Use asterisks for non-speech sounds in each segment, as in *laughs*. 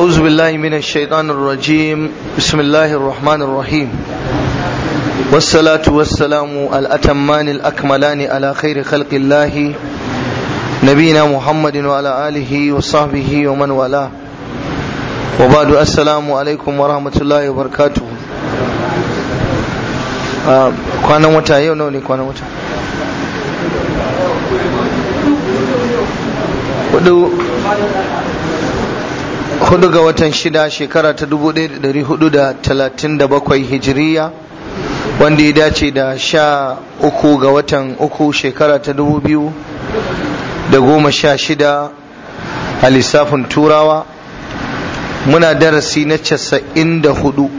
أعوذ بالله من الشيطان الرجيم بسم الله الرحمن الرحيم والصلاة والسلام الأتمان الأكملان على خير خلق الله نبينا محمد وعلى آله وصحبه ومن والاه وبعد السلام عليكم ورحمة الله وبركاته كوانا متى يونوني كوانا متى ودو hudu ga watan shida shekara ta 1437 hijiriya wanda ya dace da sha uku ga watan uku shekara ta dubu biyu da goma sha shida a lissafin turawa muna darasi na casa'in da hudu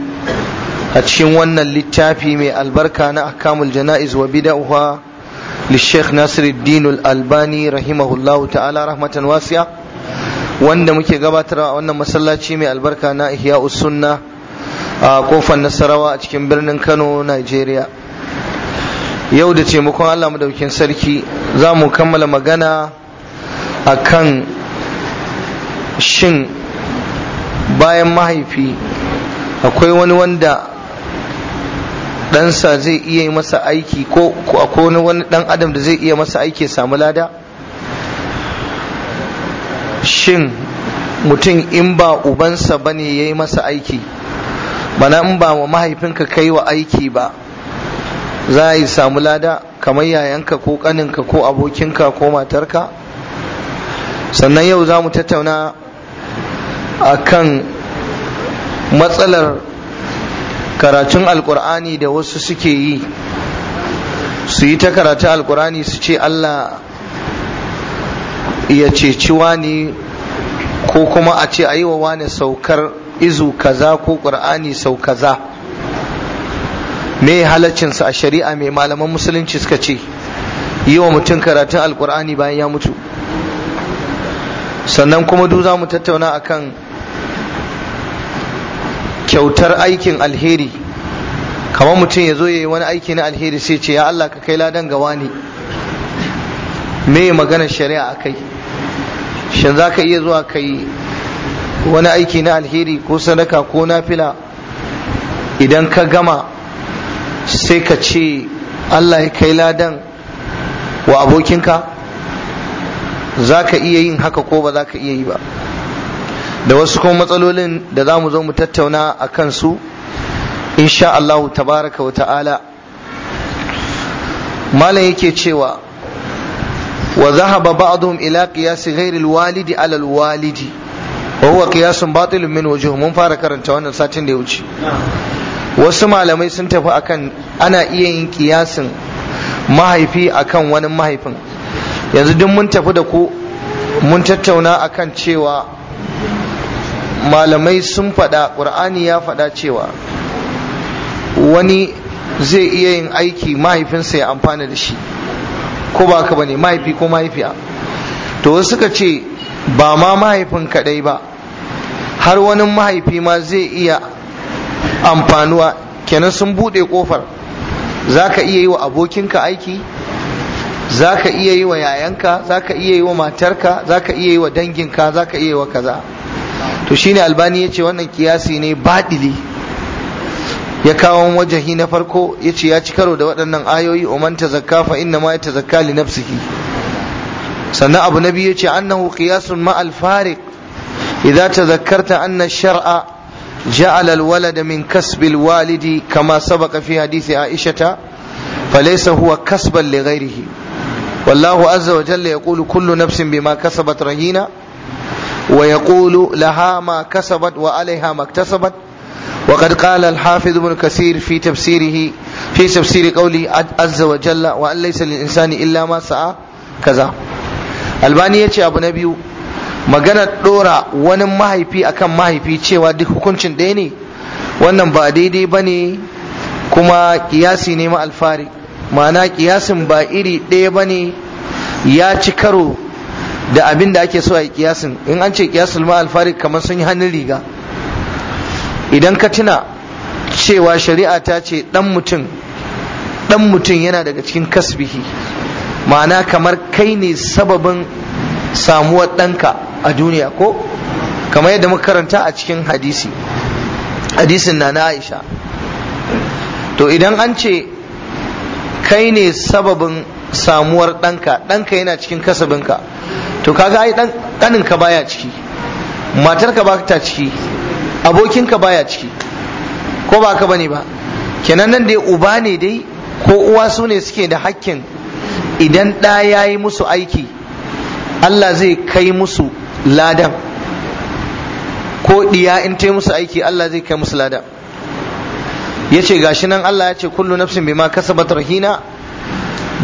a cikin wannan littafi mai albarka na akamul jana'iz wa bida'uha للشيخ ناصر الدين الألباني رحمه الله تعالى رحمة واسعة wanda muke gabatar a wannan masallaci mai albarka na ihya sunna a kofar nasarawa a cikin birnin kano nigeria yau da taimakon allah madaukin sarki za mu kammala magana a kan shin bayan mahaifi akwai wani wanda ɗansa zai iya masa aiki ko akwai wani ɗan adam da zai iya masa aiki samu lada shin mutum in ba ubansa ba ne ya yi masa aiki bana in ba wa mahaifinka kai wa aiki ba za a yi samu lada kamar yayanka ko kaninka ko abokinka ko matarka sannan yau za mu tattauna a kan matsalar karatun alkur'ani da wasu suke yi su yi ta karatu alkur'ani su ce allah ya ceci wani ko kuma a ce a yi wa wani saukar izu kaza ko ƙur'ani sau kaza me halaccinsa a shari'a mai malaman musulunci suka ce yi wa mutum karatun alƙur'ani bayan ya mutu sannan kuma du za mu tattauna akan kyautar aikin alheri kamar mutum ya zo ya yi wani aiki na alheri sai ce ya Allah ka kai ladan gawa ne me magana shari'a a kai? shin za ka iya zuwa ka yi wani aiki na alheri ko sadaka ko na fila idan ka gama sai ka ce allah ya kai ladan wa abokinka za ka iya yin haka ko ba za ka iya yi ba da wasu kuma matsalolin da za mu zo mu tattauna a kansu insha tabaraka wa ta'ala malam yake cewa وذهب بعضهم إلى قياس غير الوالد على الوالد وهو قياس باطل من وجوه من fara karanta wannan satin da ya wuce wasu malamai sun tafi akan ana iya yin kiyasin mahaifi akan wani mahaifin yanzu duk mun tafi da ku mun tattauna akan cewa malamai sun faɗa ƙur'ani ya faɗa cewa wani zai iya yin aiki mahaifinsa ya amfana da shi ko ba haka bane mahaifi ko mahaifiya to wasu suka ce ba ma mahaifin kadai ba har wani mahaifi ma zai iya amfanuwa kenan sun buɗe kofar za ka iya yi wa abokinka aiki za ka iya yi wa yayanka za ka iya yi wa matarka za ka iya yi wa danginka za ka iya yi wa kaza to shine albani ya ce wannan kiyasi ne baɗili ya kawo wajahi na farko ya ya ci karo da waɗannan ayoyi umar ta zakka fa inna ma ta zakka li nafsihi sannan abu na biyu yace annahu qiyasun ma al fariq idza tazakkarta anna shar'a ja'ala Ja'alal walada min kasb al walidi kama sabaqa fi hadisi aisha ta falaysa kasba kasban li ghairihi wallahu azza wa jalla yaqulu kullu nafsin bima kasabat rahina wa yaqulu laha ma kasabat wa alayha ma iktasabat وقد قال الحافظ ابن كثير في تفسيره في تفسير قوله عز وجل وأن ليس للإنسان إلا ما سعى كذا albani ya ce abu na biyu maganar ɗora wani mahaifi akan mahaifi cewa duk hukuncin ɗaya ne wannan ba daidai ba ne kuma kiyasi ne ma alfari ma'ana kiyasin ba iri ɗaya bane ya ci karo da abin da ake so a yi kiyasin in an ce kiyasul ma alfari kamar sun yi hannun riga idan ka tuna cewa shari'a ta ce dan mutum dan mutum yana daga cikin kasbihi ma'ana kamar kai ne sababin samuwar ɗanka a duniya ko kamar yadda muka karanta a cikin hadisi hadisin na na aisha to idan an ce kai ne sababin samuwar ɗanka ɗanka yana cikin kasabinka to kaga ai ɗaninka baya ciki matarka ba ta ciki abokinka baya ciki ko ba ka bane ba kenan nan dai uba ne dai ko uwa su ne suke da hakkin idan ɗa ya yi musu aiki Allah zai kai musu ladan ko ɗiya in ta yi musu aiki Allah zai kai musu ladan ya ce gashi nan Allah ya ce kullu nafsin bima kasabat rahina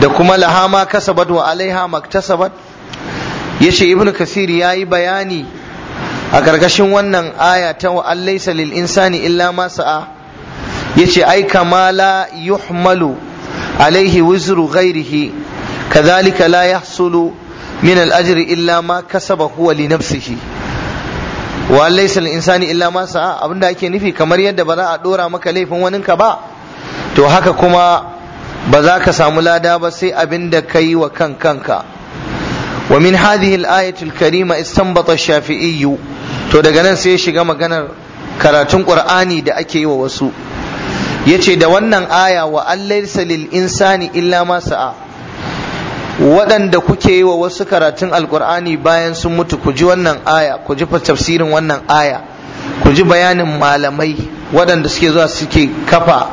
da kuma Lahama kasabat wa alaiha maktasabat ya ce ibnu kasir ya yi bayani a ƙarƙashin wannan aya ta wa lil insani illa ma sa'a yace ai kama la yuhmalu alaihi wizru ghairihi kazalika la yahsulu min al illa ma kasaba huwa li nafsihi wa allaisa lil insani illa ma sa'a abinda ake nufi kamar yadda ba za a dora maka laifin waninka ba to haka kuma ba za ka samu lada ba sai abinda yi wa kan kanka ومن هذه الآية الكريمة استنبط الشافعي to daga nan sai ya shiga maganar karatun qur'ani da ake yi wa wasu yace da wannan aya wa allaysa lil insani illa ma sa'a waɗanda kuke yi wa wasu karatun alkur'ani bayan sun mutu ku ji wannan aya ku ji tafsirin wannan aya ku ji bayanin malamai waɗanda suke zuwa suke kafa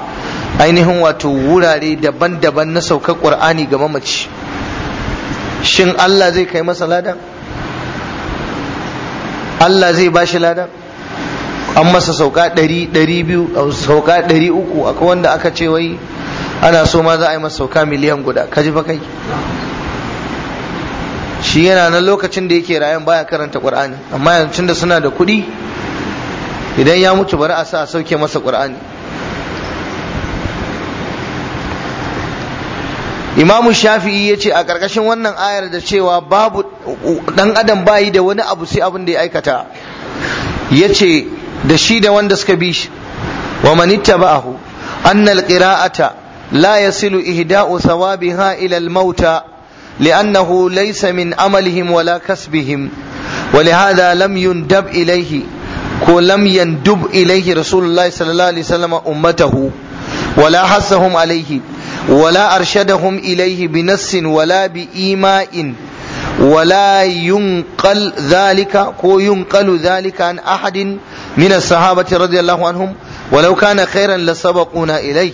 ainihin wato wurare daban-daban na saukar ƙur'ani ga mamaci shin Allah zai kai masa ladan Allah zai ba shi lada an masa sauka ɗari ɗari biyu sauka ɗari uku akwai wanda aka ce wai ana so ma za a yi masa sauka miliyan guda ka ji fa kai shi yana nan lokacin da yake rayan baya karanta qur'ani amma yanzu da suna da kuɗi idan ya mutu bari a sa a sauke masa qur'ani imamu shafi'i ya ce a ƙarƙashin wannan ayar da cewa babu ɗan adam bayi da wani abu sai abin da ya aikata ya ce da shi da wanda suka bi shi wa manitta ba'ahu annal qira'ata la yasilu ihda'u thawabiha ila al-mauta li'annahu laysa min amalihim wala kasbihim ولهذا lamyun يندب إليه ولم يندب إليه رسول الله صلى الله alaihi وسلم أمته wala حثهم عليه ولا أرشدهم إليه بنص ولا بإيماء ولا ينقل ذلك كو ينقل ذلك عن أحد من الصحابة رضي الله عنهم ولو كان خيرا لسبقونا إليه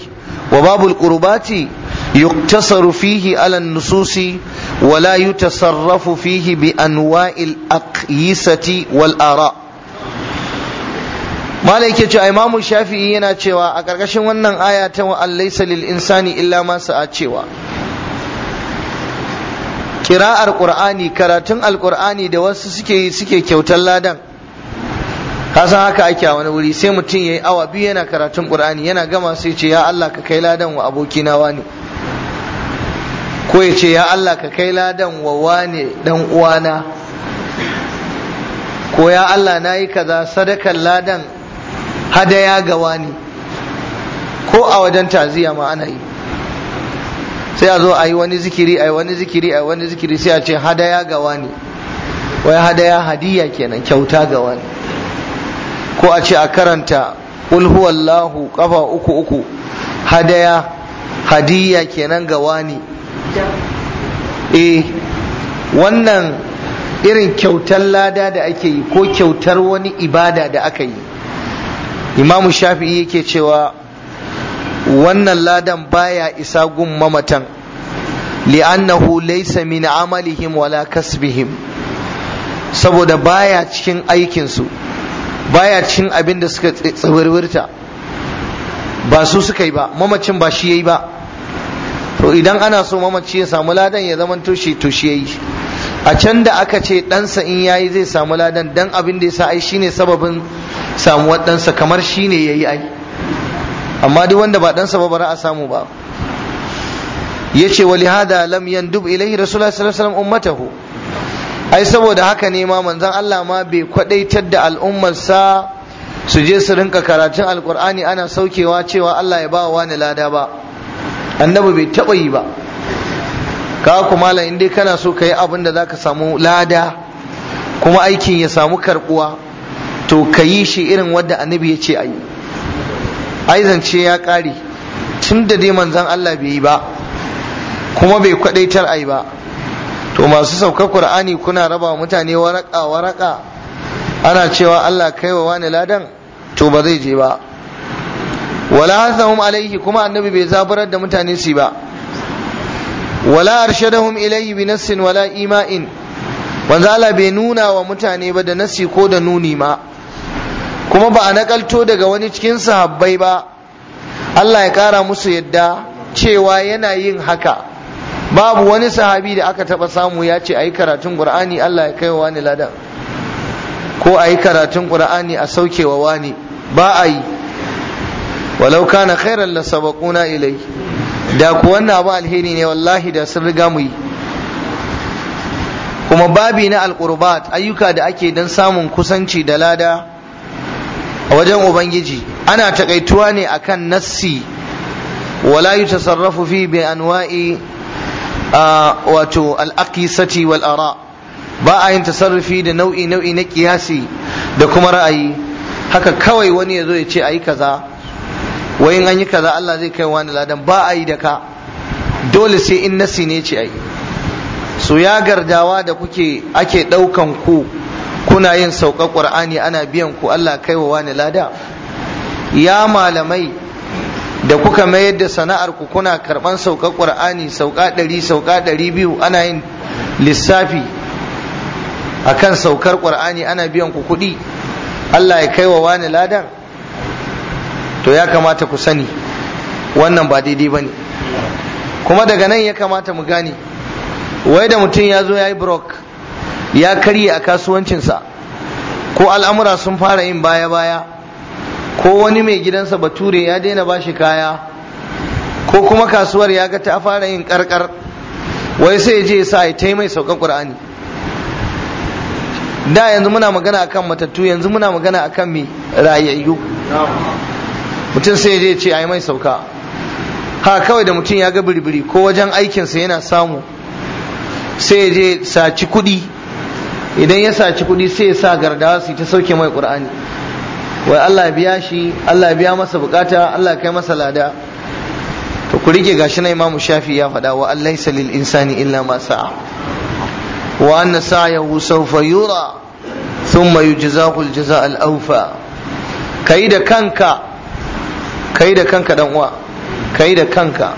وباب القربات يقتصر فيه على النصوص ولا يتصرف فيه بأنواع الأقيسة والآراء mala yake cewa imamu shafi'i yana cewa a ƙarƙashin wannan aya ta wa lil insani illa ma sa'a cewa kira'ar qur'ani karatun alqur'ani da wasu suke yi suke kyautar ladan ka san haka ake a wani wuri sai mutum yayi awa biyu yana karatun qur'ani yana gama sai ce ya Allah ka kai ladan wa aboki na wani ko ya ce ya Allah ka kai ladan wa wane dan uwana ko ya Allah na yi kaza sadakan ladan hadaya ga wani ko a wajen taziya ma ana yi sai a zo a yi wani zikiri a yi wani zikiri a yi wani zikiri sai a ce hadaya ga wani wai hadaya hadiya kenan kyauta ga wani ko a ce a karanta qul huwallahu kafa uku uku hadaya hadiya kenan ga wani eh wannan irin kyautar lada da ake yi ko kyautar wani ibada da aka yi imamu shafi'i yake cewa wannan ladan baya isa gun mamatan li'annahu laysa min amalihim wala kasbihim saboda baya cikin aikinsu baya cikin abin da suka tsawirwirta ba su suka yi ba mamacin ba shi yayi ba to idan ana so mamaci ya samu ladan ya zama to shi yayi a can da aka ce ɗansa in yayi zai samu ladan dan abin da ya sa ai shine sababin samu ɗansa kamar shi ne ya yi ai amma duk wanda ba ɗansa ba bara a samu ba ya ce wali hada lam dub ilaihi rasulullah sallallahu alaihi wasallam ummatahu ai saboda haka ne ma manzon Allah ma bai kwadaitar da al'ummarsa su je su rinka karatun alkur'ani ana saukewa cewa Allah ya ba wani lada ba annabi bai taba yi ba ka kuma malam in dai kana so ka yi abin da zaka samu lada kuma aikin ya samu karbuwa to ka yi shi irin wadda annabi ya ce ayi ai zance ya kare tun da dai manzan Allah bai yi ba kuma bai kwadaitar ayi ba to masu saukar Qur'ani kuna raba mutane waraka waraka ana cewa Allah kai wa wani ladan to ba zai je ba wala hasahum alaihi kuma annabi bai zaburar da mutane su ba wala arshadahum ilayhi bi nassin wala ima'in manzo Allah bai nuna wa mutane ba da nasi ko da nuni ma kuma ba a nakalto daga wani cikin sahabbai ba Allah ya kara musu yadda cewa yana yin haka babu wani sahabi da aka taba samu ya ce a yi karatun qur'ani Allah ya kai wa wani ladan ko a yi karatun qur'ani a sauke wa wani ba a yi walau kana khairan la sabaquna ilai da ku wannan abu alheri ne wallahi da sun riga mu kuma babi na alqurbat ayyuka da ake dan samun kusanci da lada a wajen ubangiji ana takaituwa ne akan nassi wala yutasarrafu fi bi anwa'i wato al-aqisati wal ara ba a yin tasarrufi da nau'i nau'i na kiyasi da kuma ra'ayi haka kawai wani ya zo ya ce ayi kaza wai in an yi kaza Allah zai kai wani ladan ba a yi da ka dole sai in nassi ne ce ayi su ya gardawa da kuke ake daukan ku kuna yin sauka qur'ani ana biyan ku Allah kai wa wani lada ya malamai da kuka mayar da sana'ar ku kuna karban sauka qur'ani sauka ɗari sauka ɗari biyu ana yin lissafi akan saukar qur'ani ana biyan ku kuɗi Allah ya kai wa wani ladan to ya kamata ku sani wannan ba daidai ba ne kuma daga nan ya kamata mu gane wai da mutum ya zo ya yi ya karye a kasuwancinsa ko al'amura sun fara yin baya-baya ko wani mai gidansa bature ya daina ba shi kaya ko kuma kasuwar ya ga ta fara yin karkar wai sai ya je ya sa ya ta mai saukan qur'ani da yanzu muna magana akan matattu yanzu muna magana akan mai rayayyu mutum sai ya je ya ce ai mai sauka ha kawai da mutum ya ga biribiri ko wajen aikinsa yana samu sai ya je saci kuɗi idan ya saci kuɗi sai ya sa gardawa su ta sauke mai ƙur'ani. wai Allah biya shi Allah biya masa bukata Allah kai masa lada to ku rike gashi na imamu Shafi ya faɗa wa allaysa lil insani illa ma sa'a wa anna sa'yahu sawfa yura thumma yujzahu al jazaa al awfa kai da kanka kai da kanka dan uwa kai da kanka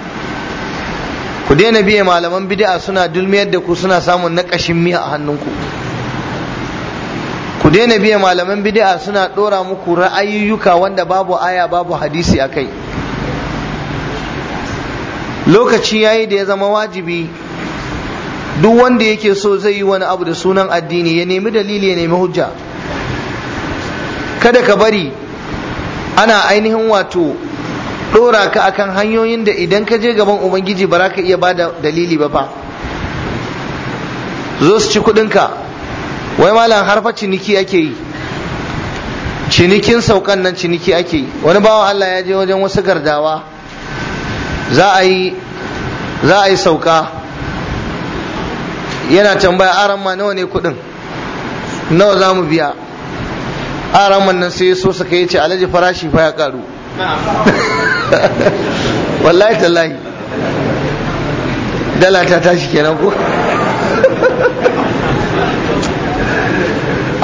ku daina biye malaman bid'a suna dulmiyar da ku suna samun naƙashin miya a hannunku ku daina biya malaman bid'a suna dora muku ra'ayyuka wanda babu aya babu hadisi akai. kai lokaci yayi da ya zama wajibi duk wanda yake so zai yi wani abu da sunan addini ya nemi dalili ya nemi hujja kada ka bari ana ainihin wato dora ka akan hanyoyin da idan ka je gaban ubangiji ba za ka iya ba da dalili ba fa zo su ci kudinka wai malam harfa ciniki ake yi cinikin saukan nan ciniki ake yi wani bawan Allah ya je wajen wasu gardawa za a yi za a yi sauka yana tambaya aran ma nawa ne kudin nawa za mu biya aran man nan sai so suka yi ce alaji farashi fa ya karu *laughs* wallahi tallahi dala ta tashi kenan ko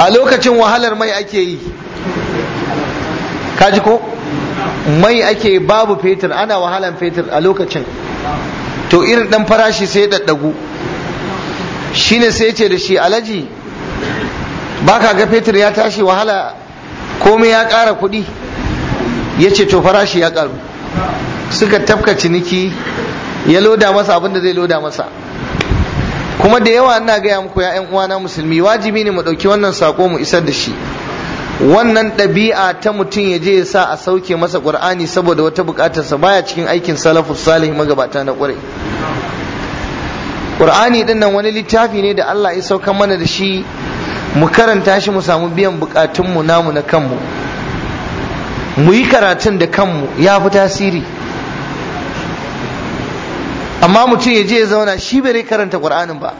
a lokacin wahalar mai ake yi kaji ko mai ake babu fetur ana wahalan fetur a lokacin to irin dan farashi sai ya daddagu shine sai ce da shi alaji baka ga fetur ya tashi wahala komai ya kara kudi, ya ce to farashi ya karu, suka tafka ciniki ya loda masa abin da zai loda masa kuma da yawa ina gaya muku ya uwana musulmi wajibi ne mu ɗauki wannan sako mu isar da shi wannan ɗabi'a ta mutum ya je ya sa a sauke masa ƙur'ani saboda wata buƙatarsa baya cikin aikin salafus salih magabata na ƙurai ƙur'ani ɗin nan wani littafi ne da Allah ya sauka mana da shi mu karanta shi mu samu biyan bukatunmu namu na kanmu mu yi karatun da kanmu ya fi tasiri amma mutum ya je ya zauna shi bai karanta qur'anin ba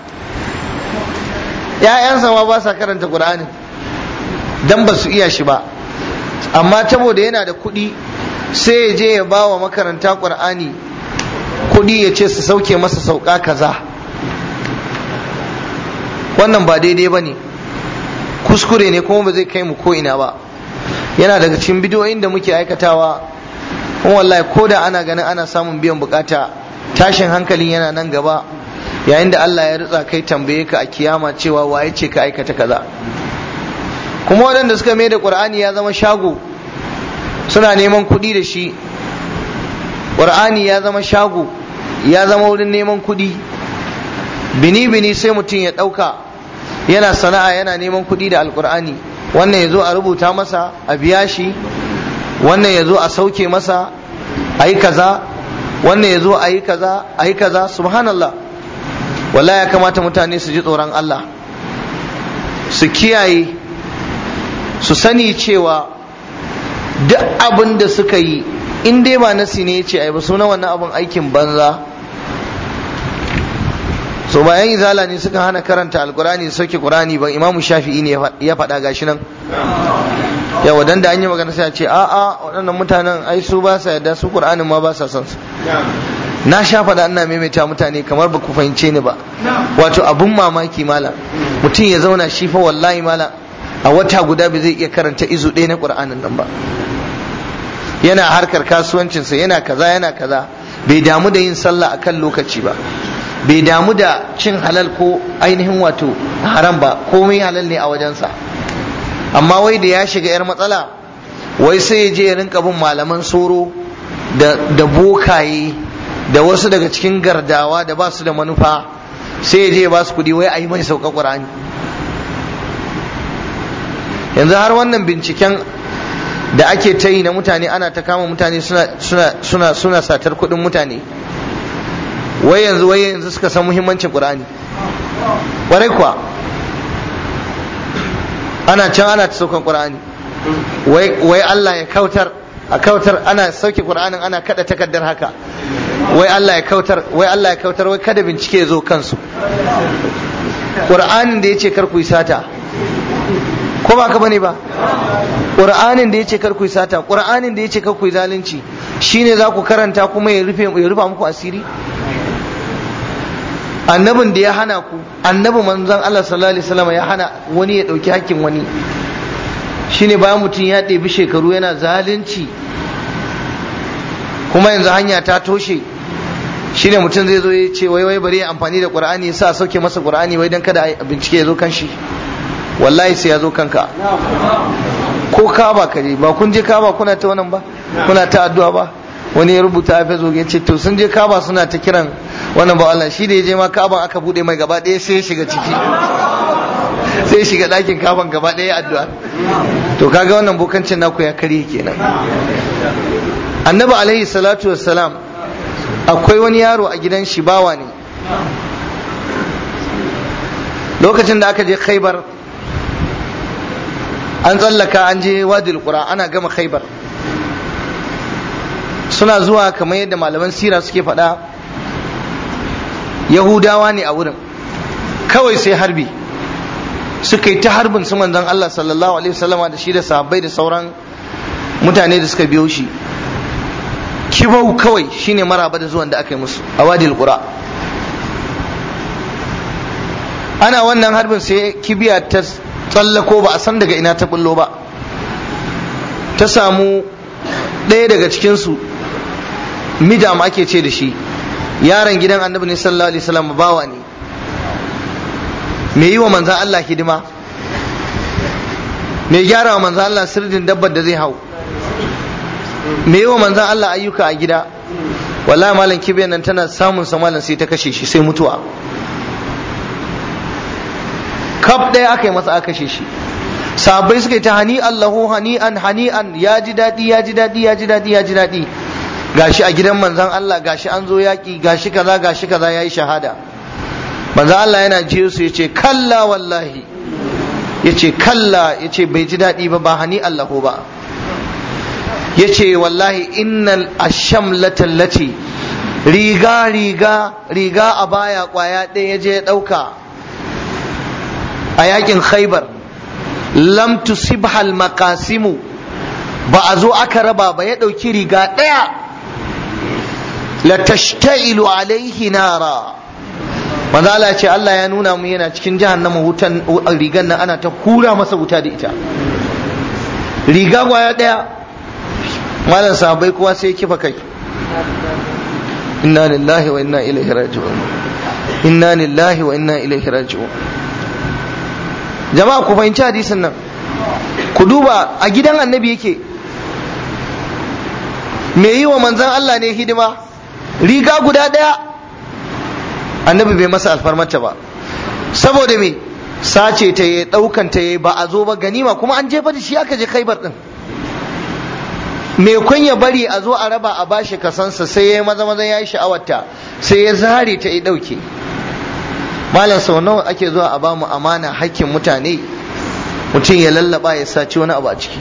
sa ma ba sa karanta qur'anin dan ba su iya shi ba amma saboda yana da kuɗi sai ya je ya bawa makaranta qur'ani kuɗi ya ce su sauke masa sauka kaza wannan ba daidai ba ne kuskure ne kuma ba zai kai mu ko'ina ba yana daga cikin bidiyoyin da muke aikatawa kuma wallahi ko da ana ganin ana samun biyan bukata tashin hankali yana nan gaba yayin da Allah ya ritsa kai tambaye ka a kiyama cewa waye ce ka aikata kaza kuma waɗanda suka mai da ƙur'ani ya zama shago suna neman kuɗi da shi ƙur'ani ya zama shago ya zama wurin neman kuɗi bini bini sai mutum ya ɗauka yana sana'a yana neman kuɗi da alƙur'ani wannan ya zo a rubuta masa a biya shi wannan ya zo a sauke masa a yi kaza wannan ya zo a yi kaza a kaza subhanallah wallahi ya kamata mutane su ji tsoron Allah su kiyaye su sani cewa duk abin da suka yi in dai ba nasi ne ya ce ai ba sunan wannan abin aikin banza so bayan izala ne suka hana karanta alkurani sauke kurani ba imamu shafi'i ne ya faɗa gashi nan ya wadan da an yi magana sai a ce a'a waɗannan mutanen ai su ba sa yadda su qur'anin ma ba sa son su na sha faɗa ina maimaita mutane kamar ba ku fahimce ni ba wato abun mamaki malam mutum ya zauna shi fa wallahi malam a wata guda bai zai iya karanta izu ɗaya na qur'anin nan ba yana harkar sa yana kaza yana kaza bai damu da yin sallah akan lokaci ba bai damu da cin halal ko ainihin wato haram ba komai halal ne a wajensa amma wai da ya shiga yar matsala wai sai je ya rinka bin malaman soro da bokaye da wasu daga cikin gardawa da ba su da manufa sai je ba su kudi wai a yi mai sauka ƙura'ani. yanzu har wannan binciken da ake ta yi na mutane ana ta kama mutane suna satar kuɗin mutane wai yanzu wai yanzu suka san muhimmancin ƙura'ani. ƙwarai kuwa ana can ana ta saukan qur'ani wai Allah ya kautar a kautar ana sauke qur'anin ana kada takaddar haka wai Allah ya kautar wai Allah ya kautar wai kada bincike ya zo kansu qur'anin da yace kar ku yi sata ko ba ka bane ba qur'anin da yace kar ku yi sata qur'anin da yace kar ku yi zalunci shine za ku karanta kuma ya rufe ya rufa muku asiri annabin da ya hana ku annabi manzon Allah sallallahu alaihi wasallam ya hana wani ya dauki hakkin wani shine ba mutum ya ɗebi shekaru yana zalunci kuma yanzu hanya ta toshe shine mutum zai zo ya ce wai wai bari ya amfani da qur'ani ya sa sauke masa qur'ani wai dan kada bincike ya zo kan shi wallahi sai ya zo kanka ko ka ba ka ba kun je ka ba kuna ta wannan ba kuna ta addu'a ba wani ya rubuta a facebook ya ce to sun je kaba suna ta kiran wannan ba Allah shi da ya je ma kaban aka bude mai gaba ɗaya sai ya shiga ciki *laughs* sai ya shiga ɗakin kaban gaba ɗaya addu'a to kaga wannan bokancin naku ya kare kenan annabi alaihi salatu wassalam akwai wani yaro a gidan shi bawa ne lokacin da aka je khaibar an tsallaka an je wadil qura ana gama khaibar suna zuwa kamar yadda malaman sira suke faɗa yahudawa ne a wurin kawai sai harbi suka yi ta harbin su manzon Allah sallallahu alaihi wasallama da shi da sahabbai da sauran mutane da suka biyo shi kibau kawai shine maraba da zuwan da aka yi musu a wadil qura ana wannan harbin sai kibiya ta tsallako ba a san daga ina ta bullo ba ta samu ɗaya daga cikinsu midam ake ce da shi yaron gidan annabi ne sallallahu alaihi wasallam bawa ne me yi wa manzan Allah hidima me gyara wa manzan Allah sirdin dabbar da zai hau me yi wa manzan Allah ayyuka a gida wallahi malam kibiyar nan tana samun sa malam sai ta kashe shi sai mutuwa kaf ɗaya aka yi masa aka kashe shi sabai suka yi ta hani Allahu hani an hani an ya ji daɗi ya ji daɗi ya ji daɗi ya ji daɗi gashi a gidan manzon Allah gashi an zo yaƙi gashi kaza gashi kaza yayi shahada manzon Allah yana jiyo su yace kalla wallahi yace kalla yace bai ji daɗi ba ba hani Allah ba yace wallahi innal ashamlata lati riga riga riga a baya kwaya ɗaya ya je ya ɗauka a yakin khaibar lam tusibhal makasimu ba a zo aka raba ba ya ɗauki riga ɗaya la tashtailu alaihi nara manzo Allah ce Allah ya nuna mu yana cikin jahannama wutan rigan nan ana ta kura masa wuta da ita riga gwaya daya malam sahabbai kowa sai kifa kai inna lillahi wa inna ilaihi raji'un inna lillahi wa inna ilaihi raji'un jama'a ku fahimci hadisin nan ku duba a gidan annabi yake me yi wa manzon Allah ne hidima riga guda ɗaya annabi bai masa alfarmarta ba saboda me sace ta yi ɗaukan ta yi ba a zo ba ganima kuma an jefa da shi aka je kaibar ɗin me kun ya bari a zo a raba a bashi kasansa sai ya maza maza ya yi sha'awarta sai ya zare ta yi ɗauke malam sau nawa ake zuwa a bamu amana hakkin mutane mutum ya lallaba ya saci wani abu a ciki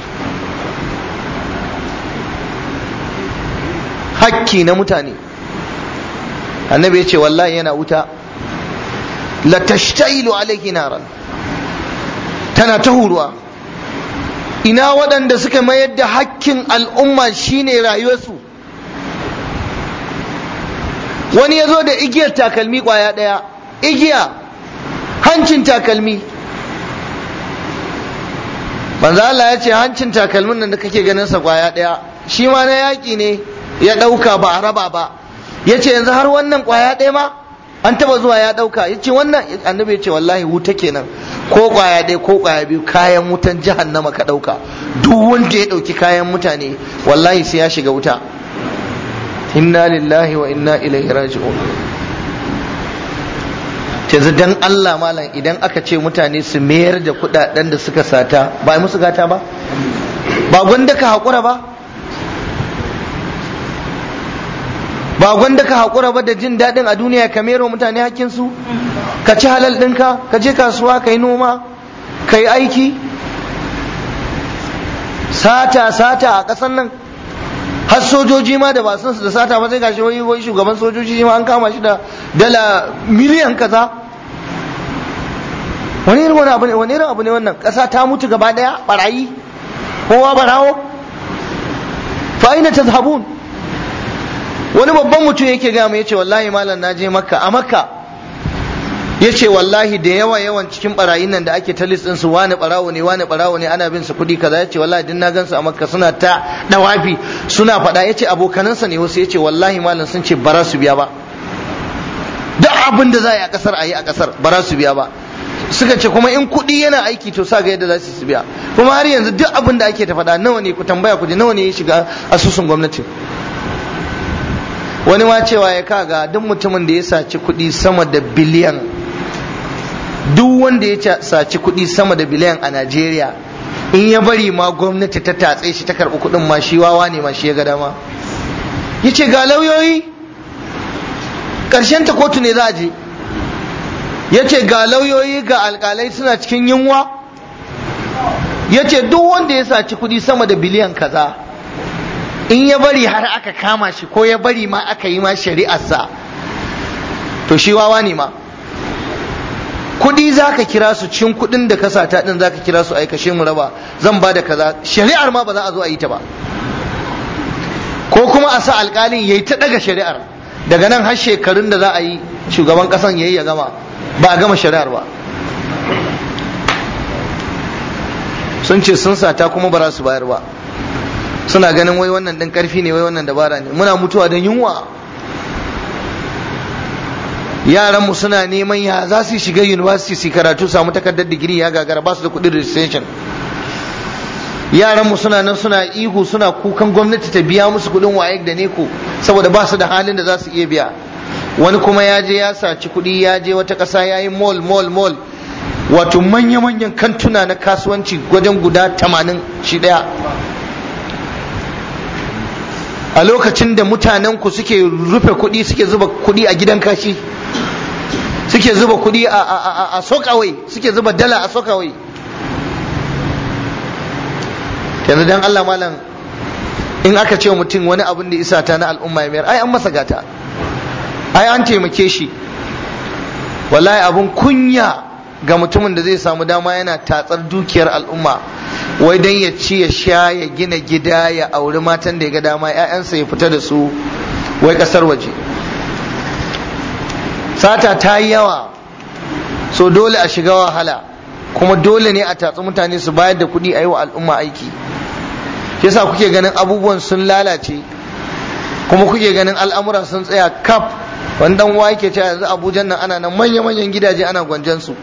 hakki na mutane annabi ya ce wallahi yana wuta la tashtailu alaihi naran tana ta ina waɗanda suka mayar da hakkin al'umma shine rayuwarsu wani ya zo da igiyar takalmi kwaya ɗaya igiya hancin takalmi banza Allah ya ce hancin takalmin nan da kake ganin sa kwaya ɗaya shi ma na yaki ne ya ɗauka ba a raba ba Yace yanzu har wannan kwaya ɗaya ma an taba zuwa ya ɗauka ya wannan annabi ya ce wallahi wuta kenan ko kwaya ɗaya ko kwaya biyu kayan wutan jahannama ka ɗauka duk wanda ya ɗauki kayan mutane wallahi sai ya shiga wuta inna lillahi wa inna ilaihi raji'un yanzu dan Allah malam idan aka ce mutane su mayar da kudaden da suka sata ba musu gata ba ba gwanda ka haƙura ba ba gwanda ka haƙura ba da jin daɗin a duniya ka mero mutane hakkinsu ka ci halal ɗinka ka je kasuwa ka yi noma ka yi aiki sata sata a ƙasan nan har sojoji ma da basun su da sata ba sai gashi wai wai shugaban sojoji ma an kama shi da dala miliyan kaza wani irin wani abu ne wani irin abu ne wannan ƙasa ta mutu gaba ɗaya barayi kowa barawo fa aina tazhabun wani babban mutum yake gama ya ce wallahi malam na je makka a makka ya ce wallahi da yawa yawan cikin barayin nan da ake ta list su wani barawo ne wani barawo ne ana bin su kuɗi kaza ya ce wallahi din na gansu a makka suna ta dawafi suna faɗa ya ce abokanansa ne wasu ya ce wallahi malam sun ce bara su biya ba duk abin da za a yi a ƙasar a yi a ƙasar bara su biya ba suka ce kuma in kuɗi yana aiki to sa ga yadda za su biya kuma har yanzu duk abin da ake ta faɗa nawa ne ku tambaya ku ji nawa ne ya shiga asusun gwamnati wani ma cewa ya kaga duk mutumin da ya saci kuɗi sama da biliyan duk wanda ya saci kuɗi sama da biliyan a Najeriya in ya bari ma gwamnati ta tatse shi ta karɓi kuɗin ma shi wawa ne ma shi ya ga dama ya ce ga lauyoyi ƙarshen ta kotu ne za a je ya ce ga lauyoyi ga alƙalai suna cikin yunwa ya ce duk wanda ya saci kuɗi sama da biliyan kaza in ya bari har aka kama shi ko ya bari ma aka yi ma shari'arsa to shi wawa ne ma kudi za kira su cin kudin da ka sata din za kira su kashe mu raba zan ba da kaza shari'ar ma ba za a zo a yi ta ba ko kuma a sa alkalin ya yi ta daga shari'ar daga nan har shekarun da za a yi shugaban kasan ya yi ya gama ba a gama shari'ar ba sun ce sun sata kuma ba za su bayar ba suna ganin wai wannan dan karfi ne wai wannan dabara ne muna mutuwa don yunwa yaranmu suna neman ya za su shiga university su karatu samu takardar digiri ya gagara ba su da kuɗin registration yaranmu suna nan suna ihu suna kukan gwamnati ta biya musu kuɗin waye da neko saboda ba su da halin da za su iya biya wani kuma ya je ya saci kuɗi ya je wata ƙasa ya yi mall mall mall wato manya-manyan kantuna na kasuwanci wajen guda 80 shi ɗaya a lokacin da mutanenku suke rufe kuɗi suke zuba kuɗi a gidan kashi suke zuba kuɗi a sokawai suke zuba dala a sokawai yanzu dan Allah malam in aka ce mutum wani abin da isa ta na al'umma ya mayar ai an masa gata ai an taimake shi wallahi abun kunya ga mutumin da zai samu dama yana tatsar dukiyar al'umma wai don ya ci ya sha ya gina gida ya auri matan da ya ga dama 'ya'yansa ya fita da su wai kasar waje sata ta yi yawa so dole a shiga wahala kuma dole ne a tatsi mutane su bayar da kuɗi a yi wa al'umma aiki yasa kuke ganin abubuwan sun lalace kuma kuke ganin al'amura sun tsaya kaf wani dan uwa yanzu abujan nan ana nan manya-manyan gidaje ana gwanjansu su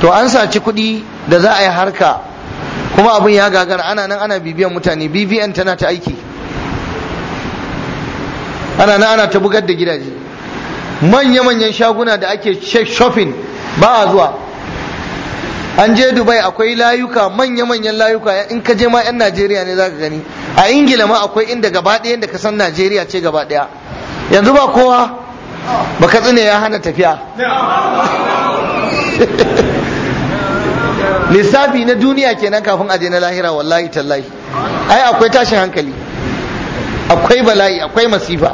to an saci kuɗi da za a yi harka kuma abin ya gagara ana nan ana bibiyan mutane bbn tana ta aiki ana nan ana ta bugar da gidaje manya-manyan shaguna da ake shopping ba a zuwa an je dubai akwai layuka manya-manyan layuka in ka je ma 'yan najeriya ne za ka gani a ingila ma akwai inda gaba ɗaya da ka san najeriya ce gaba ɗaya yanzu ba kowa ba ka tsine ya hana tafiya *laughs* lissafi na duniya kenan kafin aje na lahira wallahi tallahi ai akwai tashin hankali akwai bala'i akwai masifa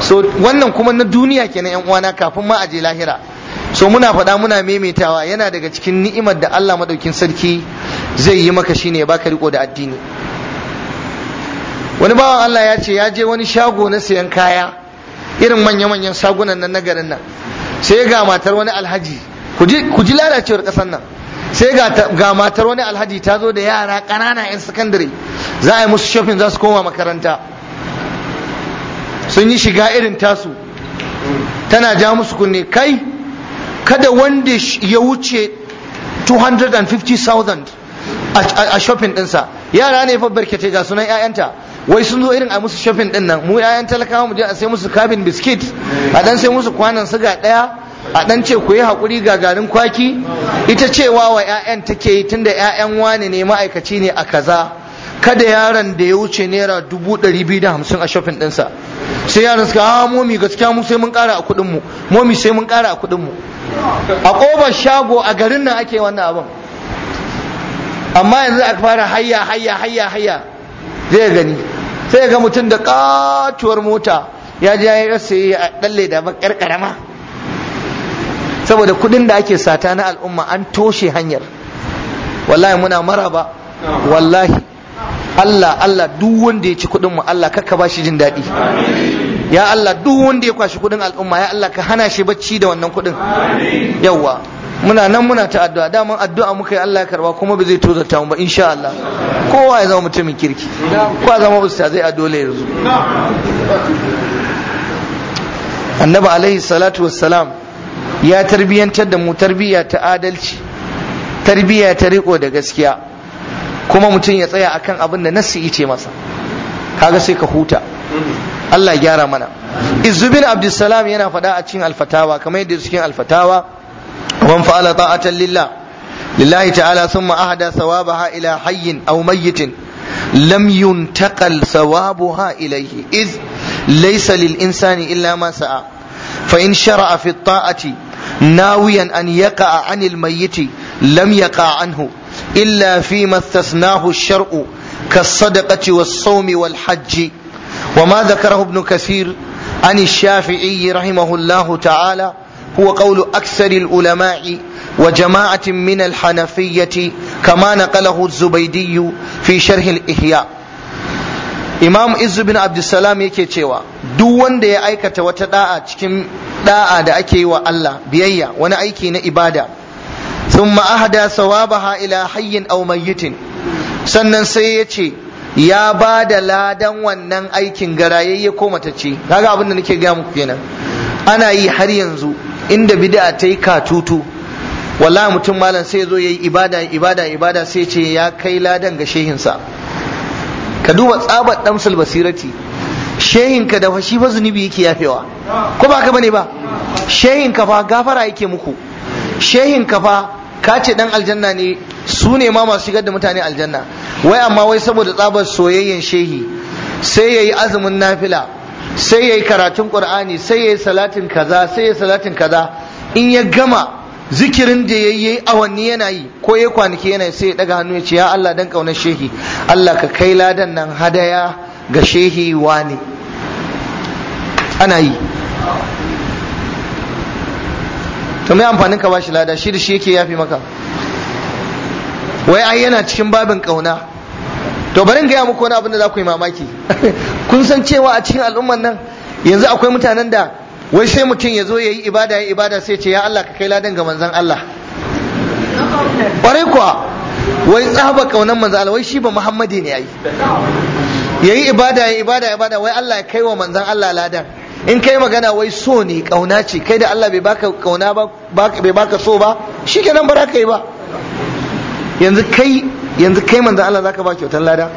so wannan kuma na duniya kenan yan uwana kafin ma aje lahira so muna faɗa muna maimaitawa yana daga cikin ni'imar da Allah madaukin sarki zai yi maka shine ya baka riko da addini wani bawan Allah ya ce ya je wani shago na sayan kaya irin manya-manyan shagunan nan na garin nan sai ga matar wani alhaji ku ji lalacewar ƙasar nan sai ga matar wani alhaji ta zo da yara ƙanana 'yan sakandare za a yi musu shopping za su koma makaranta sun yi shiga irin tasu tana ja musu kunne kai kada wanda ya wuce 250,000 a shopping ɗinsa yara ne fa barkace ga sunan 'ya'yanta wai sun zo irin a musu shopping ɗin mu 'ya'yan talakawa mu je a sai musu kabin biskit a dan sai musu kwanan suga ɗaya a dan ce ku yi hakuri garin kwaki ita cewa wa 'ya'yan take yi tunda 'ya'yan wani ne ma'aikaci ne a kaza kada yaron da ya wuce naira dubu ɗari biyu da hamsin a shafin ɗinsa sai yaron suka ha ah, momi gaskiya mu sai mun ƙara a kuɗin mu momi sai mun ƙara a kuɗin mu a ƙofar shago a garin nan ake wannan abin amma yanzu aka fara hayya hayya hayya hayya zai gani sai ga mutum da katuwar mota ya je ya rasa a ɗalle da bakar ƙarama saboda kuɗin da ake sata na al'umma an toshe hanyar wallahi muna maraba wallahi Allah Allah duk wanda ya ci kuɗin mu Allah kakka ba shi jin daɗi ya Allah duk wanda ya kwashi kuɗin al'umma ya Allah ka hana shi bacci da wannan kuɗin yawwa muna nan muna ta addu'a daman addu'a muka yi Allah ya karba kuma ba zai tozarta mu ba insha Allah kowa ya zama mutumin kirki kowa zama ustazai a dole yanzu annabi alaihi salatu wassalam ya tarbiyyantar da mu tarbiyya ta adalci tarbiyya ta riko da gaskiya kuma mutum ya tsaya akan abin da nassi ce masa kaga sai ka huta Allah ya gyara mana Izubin Abdulsalam yana faɗa a cikin alfatawa kamar yadda cikin alfatawa wan fa'ala ta'atan lillah lillahi ta'ala thumma ahda thawabaha ila hayyin aw mayyitin lam yuntaqal thawabuha ilayhi iz laysa lil insani illa ma sa'a fa in shara'a fi taati ناويا أن يقع عن الميت لم يقع عنه إلا فيما استثناه الشرع كالصدقة والصوم والحج وما ذكره ابن كثير عن الشافعي رحمه الله تعالى هو قول أكثر العلماء وجماعة من الحنفية كما نقله الزبيدي في شرح الإحياء Imam Izzu bin Abdulsalam yake cewa duk wanda ya aikata wata da'a cikin da'a da ake yi wa Allah biyayya wani aiki na ibada thumma ahada sawabaha ila hayyin aw mayyitin sannan sai ya ce ya ba da ladan wannan aikin garayayye ko matacce kaga abin da nake ga muku kenan ana yi har yanzu inda bid'a ta yi katutu Wala mutum malam sai zo yayi ibada ibada ibada sai ce ya kai ladan ga shehinsa ka duba tsabar damsul basirati Shehin ka da shi ba zunubi yake yafewa ko ba ka bane ba shehinka fa gafara yake muku shehinka fa ka ce dan aljanna ne su ne ma masu shigar da mutane aljanna wai amma wai saboda tsabar soyayyen shehi sai yayi azumin nafila sai yayi karatun qur'ani sai yayi salatin kaza sai yayi salatin kaza in ya gama zikirin da ya yi awanni yana yi ko ya kwanaki yana sai ya daga hannu ya ce ya Allah dan kaunar shehi Allah ka kai ladan nan hadaya ga shehi wane ana yi to mai amfanin ka bashi lada shi da shi yake yafi maka wai ai yana cikin babin kauna to barin gaya muku wani abin da za ku yi mamaki *laughs* kun san cewa a cikin al'umman nan yanzu akwai mutanen da wai sai mutum ya zo ya yi ibada ya ibada sai ce ya Allah ka kai ladan ga manzan Allah ƙwarai kuwa wai tsaba kaunan manzan Allah wai shi ba Muhammadi ne yi? yayi ibada yayi ibada ibada wai Allah ya kai wa manzan Allah ladan in kai magana wai so ne kauna ce kai da Allah bai baka kauna ba bai baka so ba shikenan ba ka yi ba yanzu kai yanzu kai manzan Allah zaka ba kyautar lada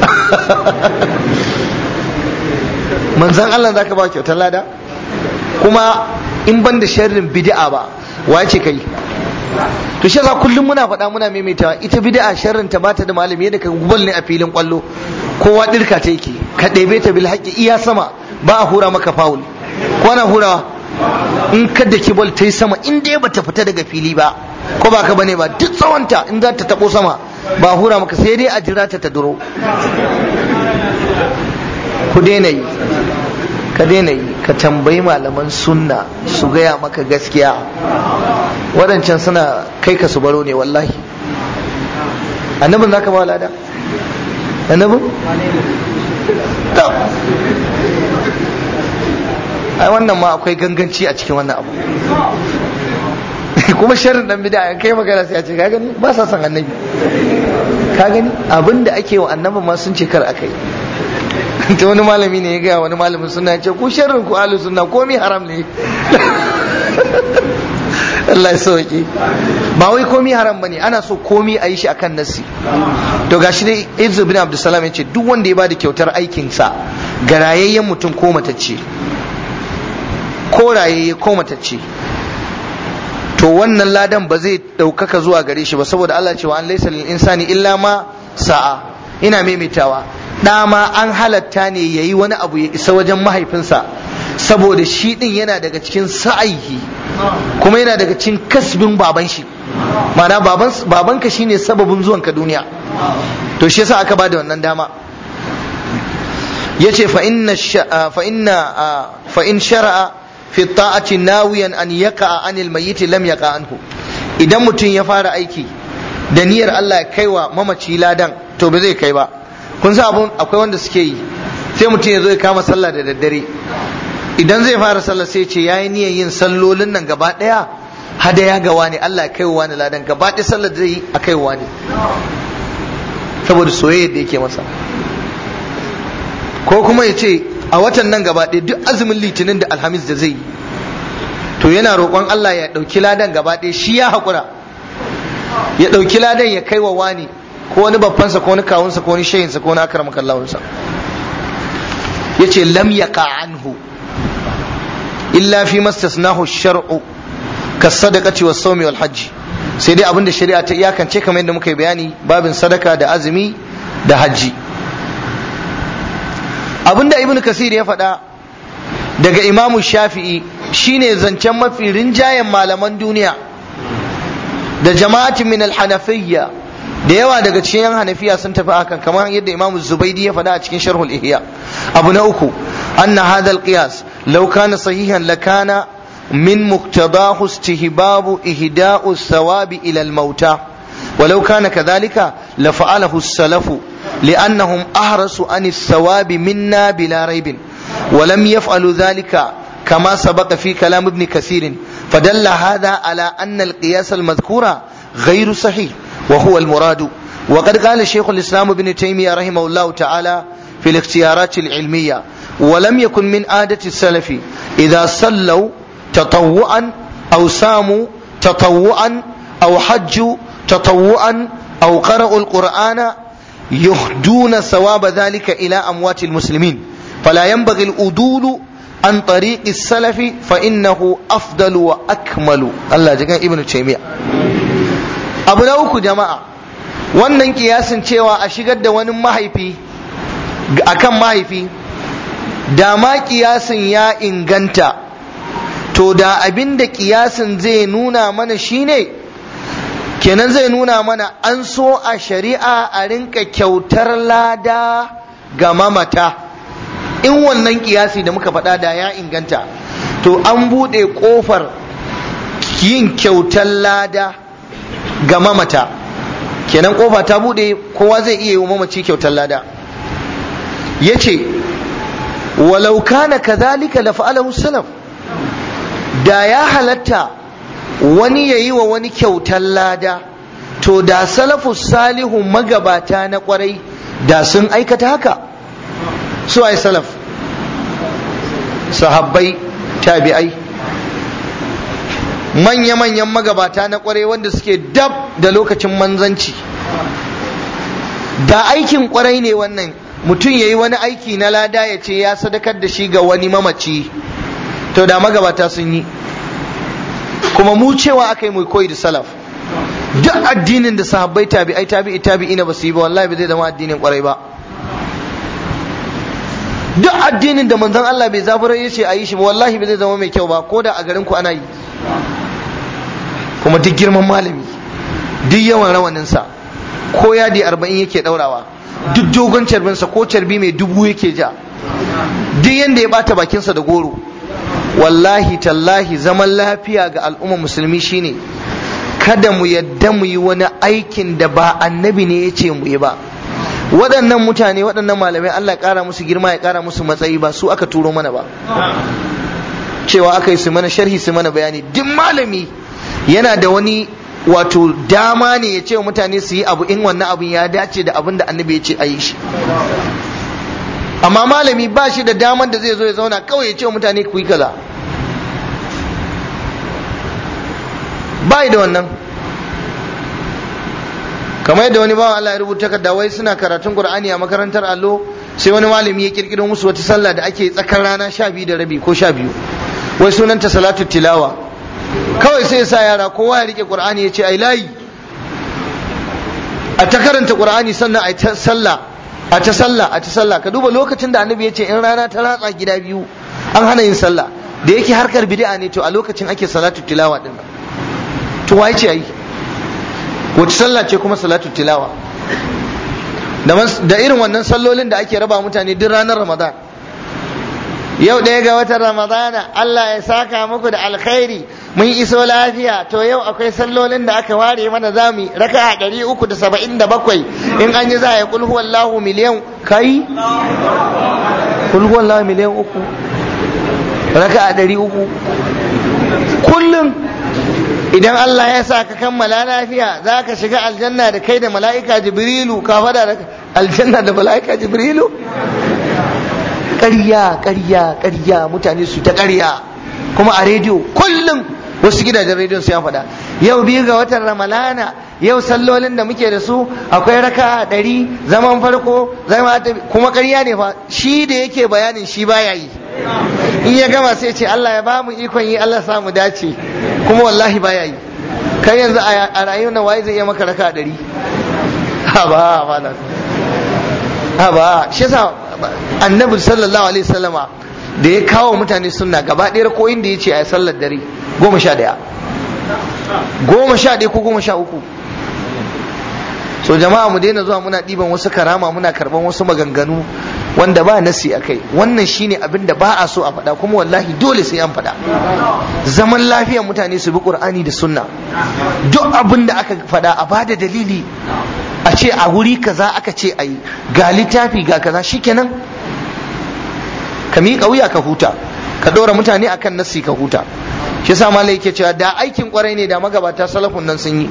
*laughs* manzan Allah zaka ba kyautar lada kuma in ban da sharrin bid'a ba wace kai to shi yasa kullum muna faɗa muna maimaitawa ita bi bid'a sharrin ta bata da malami yadda kan gubal ne a filin kwallo kowa dirka ta yake ka ɗebe ta bil haƙƙi iya sama ba a hura maka faul ko ana hurawa in ka da bol ta yi sama in dai bata fita daga fili ba ko ba ka bane ba duk tsawonta in za ta taɓo sama ba a hura maka sai dai a jira ta ta duro ku daina yi ka daina yi ka tambayi malaman sunna su gaya maka gaskiya waɗancan suna kai ka su baro ne wallahi annabin za ka ba lada annabin ai wannan ma akwai ganganci a cikin wannan abu *laughs* kuma sharrin dan bid'a kai magana sai a ce ka gani ba sa san annabi ka gani abinda ake wa annabin ma sun ce kar akai ta wani malami ne ya gaya wani malamin suna ce ku sharrin ku alu suna komai haram ne *laughs* Allah ya sauki ba wai komi haram bane ana so komi a yi shi akan nasi to gashi ne Ibn bin Abdulsalam ya ce duk wanda ya bada kyautar aikin sa ga rayayyen mutum ko matacce ko rayayye ko matacce to wannan ladan ba zai ɗaukaka zuwa gare shi ba saboda Allah wa an laysa lil insani illa ma sa'a ina maimaitawa dama an halatta ne ya yi wani abu ya isa wajen mahaifinsa saboda shi ɗin yana daga cikin sa'ayi kuma yana daga cikin kasbin baban shi ma'ana babanka shine sababin zuwanka duniya to shi yasa aka bada wannan dama yace fa inna ah, fa inna ah, fa in shar'a fi ta'ati nawiyan an yaqa'a anil mayyit lam anhu idan mutum ya fara aiki da niyyar Allah ya kaiwa mamaci ladan to ba zai kai ba kun sa abun akwai wanda suke yi sai mutum ya zo ya kama sallah da daddare idan zai fara sallah sai ce yayi niyyar yin sallolin nan gaba daya hadaya ga wani Allah ya kaiwa wani ladan gaba daya sallar zai yi a kaiwa ne saboda soyayya da yake masa ko kuma ya ce a watan nan gaba daya duk azumin litinin da alhamis da zai yi to yana roƙon Allah ya ɗauki ladan gaba daya shi ya haƙura ya ɗauki ladan ya kai wa wani ko wani babbansa ko wani kawunsa ko wani shayinsa ko wani akrama kallawunsa yace lam yaqa anhu illa fi mastasnahu shar'u kasadaqati was sawmi wal hajji sai dai abinda shari'a ta iyakance kamar yadda muka bayani babin sadaka da azumi da hajji abinda ibn kasir ya faɗa daga imamu shafi'i shine zancen mafi rinjayen malaman duniya da jama'atin min al-hanafiyya da yawa daga cikin yan hanafiya sun tafi akan kamar yadda imamu zubaidi ya faɗa a cikin sharhul ihya abu na uku anna hadha alqiyas law kana sahihan lakana min muqtadahu istihbabu ihda'u thawabi ila almauta ولو كان كذلك لفعله السلف لأنهم أحرصوا عن الثواب منا بلا ريب ولم يفعلوا ذلك كما سبق في كلام ابن كثير فدل هذا على أن القياس المذكور غير صحيح وهو المراد وقد قال الشيخ الإسلام ابن تيمية رحمه الله تعالى في الاختيارات العلمية ولم يكن من عادة السلف إذا صلوا تطوعا أو ساموا تطوعا أو حجوا تطوعا أو قرأوا القرآن يهدون ثواب ذلك إلى أموات المسلمين فلا ينبغي الأدول عن طريق السلف فإنه أفضل وأكمل الله جل ابن تيمية abu na uku jama'a wannan kiyasin cewa a shigar da wani mahaifi a kan mahaifi da ma kiyasin ya inganta to da abin da kiyasin zai nuna mana shine kenan zai nuna mana an so a shari'a a rinka kyautar lada ga mamata in wannan kiyasi da muka faɗa da ya inganta to an buɗe ƙofar yin kyautar lada ga mamata kenan kofa ta bude kowa zai iya yi wa mamaci kyautar lada yace walau kana kadalika la fa'alahu salaf da ya halatta wani yayi wa wani kyautar lada to da salafus salihu magabata na kwarai da sun aikata haka su ai salaf sahabbai tabi'ai manya-manyan magabata na kwarai wanda suke dab da lokacin manzanci da aikin kwarai ne wannan mutum ya yi wani aiki na lada ya ce ya sadakar da shi ga wani mamaci to da magabata sun yi kuma mu cewa aka yi mai koyi da salaf duk addinin da sahabbai tabi tabi ina ba su yi ba wallahi ba zai zama addinin kwarai ba duk addinin da manzon Allah bai zaburar yace ce a yi shi ba wallahi ba zai zama mai kyau ba ko da a garin ku ana yi kuma duk girman malami duk yawan rawaninsa ko yadi arba'in yake daurawa duk dogon carbinsa ko carbi mai dubu yake ja duk yadda ya bata bakinsa da goro wallahi tallahi zaman lafiya ga al'umma musulmi shine kada mu yadda mu yi wani aikin da ba annabi ne ya ce mu yi ba waɗannan mutane waɗannan malamai Allah ƙara musu girma ya ƙara musu matsayi ba su aka turo mana ba cewa aka yi su mana sharhi su mana bayani duk malami yana da wani wato dama ne ya ce wa mutane su yi abu in wannan abin ya dace da abin da annabi ya ce a yi shi amma malami ba shi da damar da zai zo ya zauna kawai ya ce mutane ku yi kaza ba da wannan kamar yadda wani bawan Allah ya rubuta takarda wai suna karatun Qur'ani a makarantar allo sai wani malami ya kirkiro musu wata sallah da ake tsakar rana sha biyu da rabi ko sha biyu wai sunanta salatu tilawa kawai sai sa yara kowa ya rike qur'ani ya ce ai layi a ta karanta qur'ani sannan ai ta sallah a ta sallah a ta sallah ka duba lokacin da annabi ya ce in rana ta ratsa gida biyu an hana yin sallah da yake harkar bid'a ne to a lokacin ake salatu tilawa din to wai ce ai wace sallah ce kuma salatu tilawa da irin wannan sallolin da ake raba mutane duk ranar ramadan yau ɗaya ga watan ramadana Allah ya saka muku da alkhairi mun iso lafiya to yau akwai sallolin da aka ware mana za mu raka a ɗari uku da saba'in da bakwai in an yi za a yi kulhu lahu miliyan kai kulhu lahu miliyan uku raka a ɗari uku kullum idan Allah ya sa ka kammala lafiya za ka shiga aljanna da kai da mala'ika jibrilu ka fada da aljanna da mala'ika jibrilu ƙarya ƙarya ƙarya mutane su ta ƙarya kuma a rediyo kullum wasu gidajen rediyon su ya faɗa yau biyu ga watan ramalana yau sallolin da muke da su akwai raka ɗari zaman farko zama kuma ƙarya ne fa shi da yake bayanin shi baya yi in ya gama sai ce Allah ya bamu ikon yi Allah sa mu dace kuma wallahi baya yi kai yanzu a rayuwar na waye zai iya maka raka ɗari haba malam haba shi yasa annabi sallallahu alaihi wasallama da ya kawo mutane sunna gaba ɗaya ko inda ya ce a sallar dare goma sha ɗaya goma sha ɗaya ko goma sha uku so jama'a mu daina zuwa muna ɗiban wasu karama muna karɓan wasu maganganu wanda ba nasi a kai wannan shine abin da ba a so a faɗa kuma wallahi dole sai an faɗa zaman lafiyar mutane su bi ƙur'ani da sunna duk abin da aka faɗa a bada dalili a ce a wuri kaza aka ce a yi, ga littafi ga kaza shikenan ka miƙa wuya ka huta ka ɗora mutane akan nasi ka huta shi sa malai yake cewa da aikin kwarai ne da magabata salafun nan sun yi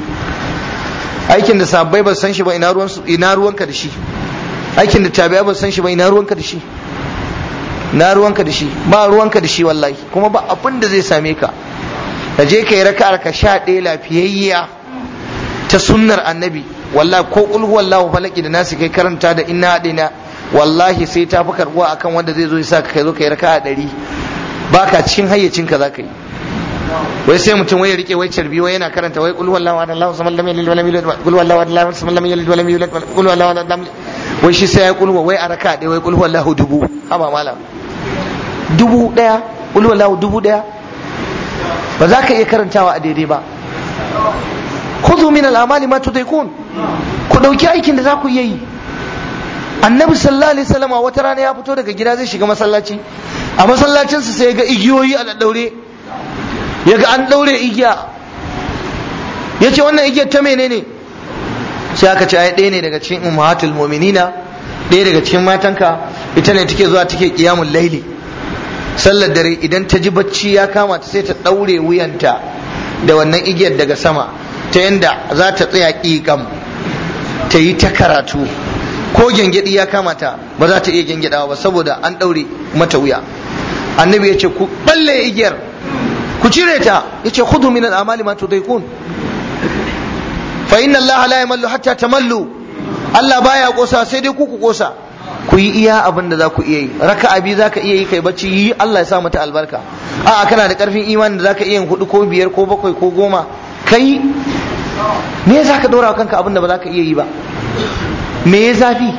aikin da sabbai ba san shi ba ina ruwan ina ka da shi aikin da tabi'a ba san shi ba ina ruwan ka da shi na ka da shi ba ruwan ka da shi wallahi kuma ba abin da zai same ka ka je ka yi raka'ar ka sha ɗaya lafiyayya ta sunnar annabi wallahi ko kul wallahu falaki da nasi kai karanta da inna adina wallahi sai ta fi karbuwa akan wanda zai zo ya sa ka kai zo ka yi raka'a ɗari ba ka cikin hayyacinka za ka yi wai sai mutum wai rike wai carbi wai yana karanta wai kulhu wallahu ahad allahu samad lam yalid walam yulad kulhu wallahu ahad allahu samad lam yalid walam yulad kulhu wallahu ahad lam wai shi sai ya kulhu wai araka dai wai kulhu wallahu dubu haba malam dubu daya kulhu wallahu dubu daya ba za ka iya karantawa a daidai ba khudhu min al-amali ma tudikun ku dauki aikin da za ku iya yi annabi sallallahu alaihi wasallam wata rana ya fito daga gida zai shiga masallaci a masallacin masallacinsa sai ya ga igiyoyi a daddaure yaga an daure igiya Ya ce wannan igiyar ta menene sai aka ce ai ɗaya ne daga cikin ummatul mu'minina ɗaya daga cikin matanka ita ne take zuwa take kiyamul laili sallar dare idan ta ji bacci ya kama ta sai ta ɗaure wuyanta da wannan igiyar daga sama ta yanda za ta tsaya ƙiƙam ta yi ta karatu ko gyangyaɗi ya kamata ba za ta iya gyangyaɗawa ba saboda an ɗaure mata wuya annabi ya ce ku balle igiyar ku cire ta yace khudhu min al-amali ma tudayqun fa inna Allah la yamallu hatta tamallu Allah baya kosa sai dai ku ku kosa ku yi iya abin da za ku iya yi raka'a bi za ka iya yi kai bacci yi Allah ya sa mata albarka a kana da karfin imani da za ka iya yin hudu ko biyar ko bakwai ko goma kai me za ka dora kanka abin da ba za ka iya yi ba me ya zafi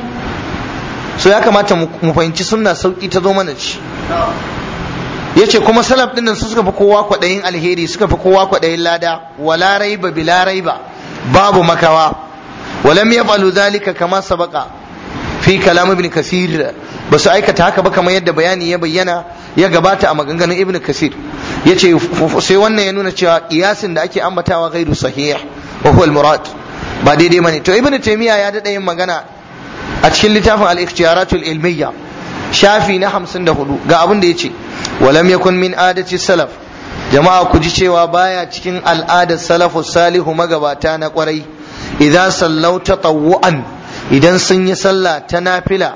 so ya kamata mu fahimci sunna sauki ta zo mana ci ya ce kuma salaf ɗin nan su suka fi kowa kwaɗayin alheri suka fi kowa kwaɗayin lada wala raiba bila raiba babu makawa walam yaf'alu zalika kama sabaka fi kalam ibn kasir ba su aikata haka ba kamar yadda bayani ya bayyana ya gabata a maganganun ibn kasir ya ce sai wannan ya nuna cewa kiyasin da ake ambatawa gairu sahih wa huwa al-murad ba daidai bane to ibn taymiya ya dada yin magana a cikin littafin al-ikhtiyaratul ilmiyya shafi na 54 ga abin da yace walam yakun min adati salaf jama'a ku ji cewa baya cikin al'adar salafu salihu magabata na kwarai idan sallau tatawu'an idan sun yi sallah ta nafila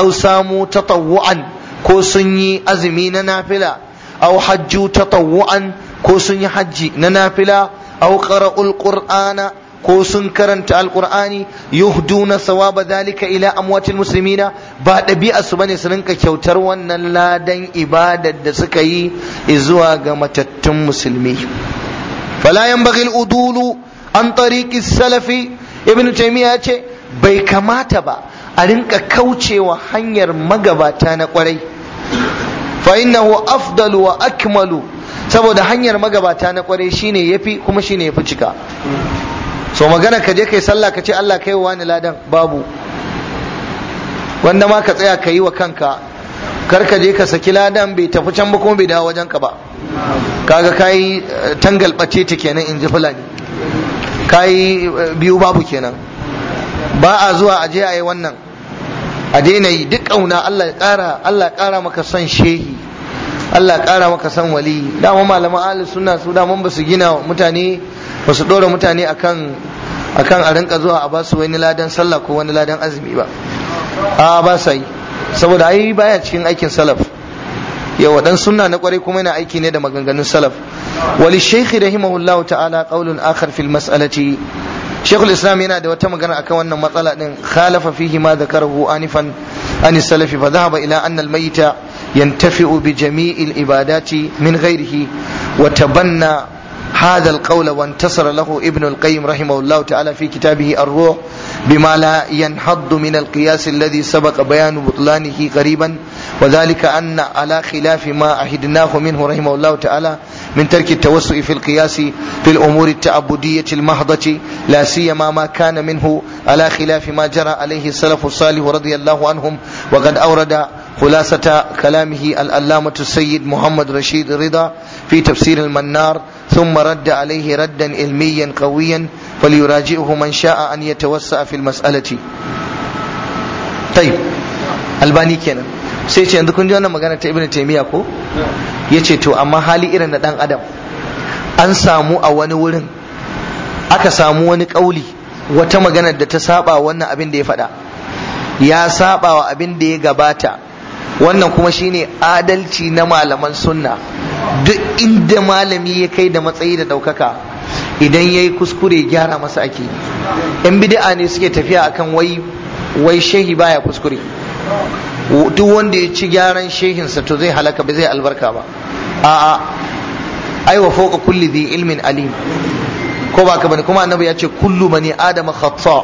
au samu tatawu'an ko sun yi azumi na nafila au hajju tatawu'an ko sun yi hajji na nafila au qara'ul qur'ana ko sun karanta alkur'ani yuhduna sawaba zalika ila amwatil muslimina ba dabi'a su bane su rinka kyautar wannan ladan ibadar da suka yi zuwa ga matattun musulmi fala yanbaghi udulu an tariqi salafi ibnu taymiya ce bai kamata ba a rinka kaucewa hanyar magabata na kwarai fa innahu afdalu wa akmalu saboda hanyar magabata na kwarai shine yafi kuma shine yafi cika so magana ka je kai sallah ka ce Allah kai wa ni ladan babu wanda ma ka tsaya ka yi wa kanka kar ka je ka saki ladan bai tafi can ba kuma bai dawo wajen ka ba kaga kai eh, tangal bace ta kenan in ji fulani kai eh, biyu babu kenan ba a zuwa aje a yi wannan a daina yi duk ƙauna Allah ya ƙara Allah ya ƙara maka son shehi Allah ya kara maka son wali dama malaman ahli sunna su da mun ba su gina mutane ba su ɗora mutane akan kan a rinka zuwa a basu wani ladan sallah ko wani ladan azumi ba a ba sa yi saboda ai baya cikin aikin salaf Yau dan sunna na kwarai kuma yana aiki ne da maganganun salaf wali shaykh rahimahullahu ta'ala qaulun akhar fil mas'alati shaykhul islam yana da wata magana akan wannan matsala din khalafa fihi ma dhakarahu anifan an ba fa dhahaba ila anna al mayyita yantafi'u bi jami'il ibadati min ghairihi wa tabanna هذا القول وانتصر له ابن القيم رحمه الله تعالى في كتابه الروح بما لا ينحض من القياس الذي سبق بيان بطلانه قريبا وذلك أن على خلاف ما أحدناه منه رحمه الله تعالى من ترك التوسع في القياس في الأمور التعبدية المحضة لا سيما ما كان منه على خلاف ما جرى عليه السلف الصالح رضي الله عنهم وقد أورد خلاصة كلامه الألامة السيد محمد رشيد رضا في تفسير المنار ثم رد عليه ردا علميا قويا فليراجعه من شاء أن يتوسع في المسألة طيب albani kenan sai ce yanzu kun ji wannan magana ta ibnu taymiya ko yace to amma hali irin na dan adam an samu a wani wurin aka samu wani kauli wata magana da ta saba wannan abin da ya faɗa ya saba wa abin da ya gabata wannan kuma shine adalci na malaman sunna duk inda malami ya kai da matsayi da ɗaukaka idan ya yi kuskure gyara masa ake yan bid'a ne suke tafiya akan wai wai shehi baya kuskure duk wanda ya ci gyaran shehinsa to zai halaka ba zai albarka ba a'a ai wa fawqa kulli dhi ilmin alim ko ba ka bane kuma annabi ya ce kullu bani adama khata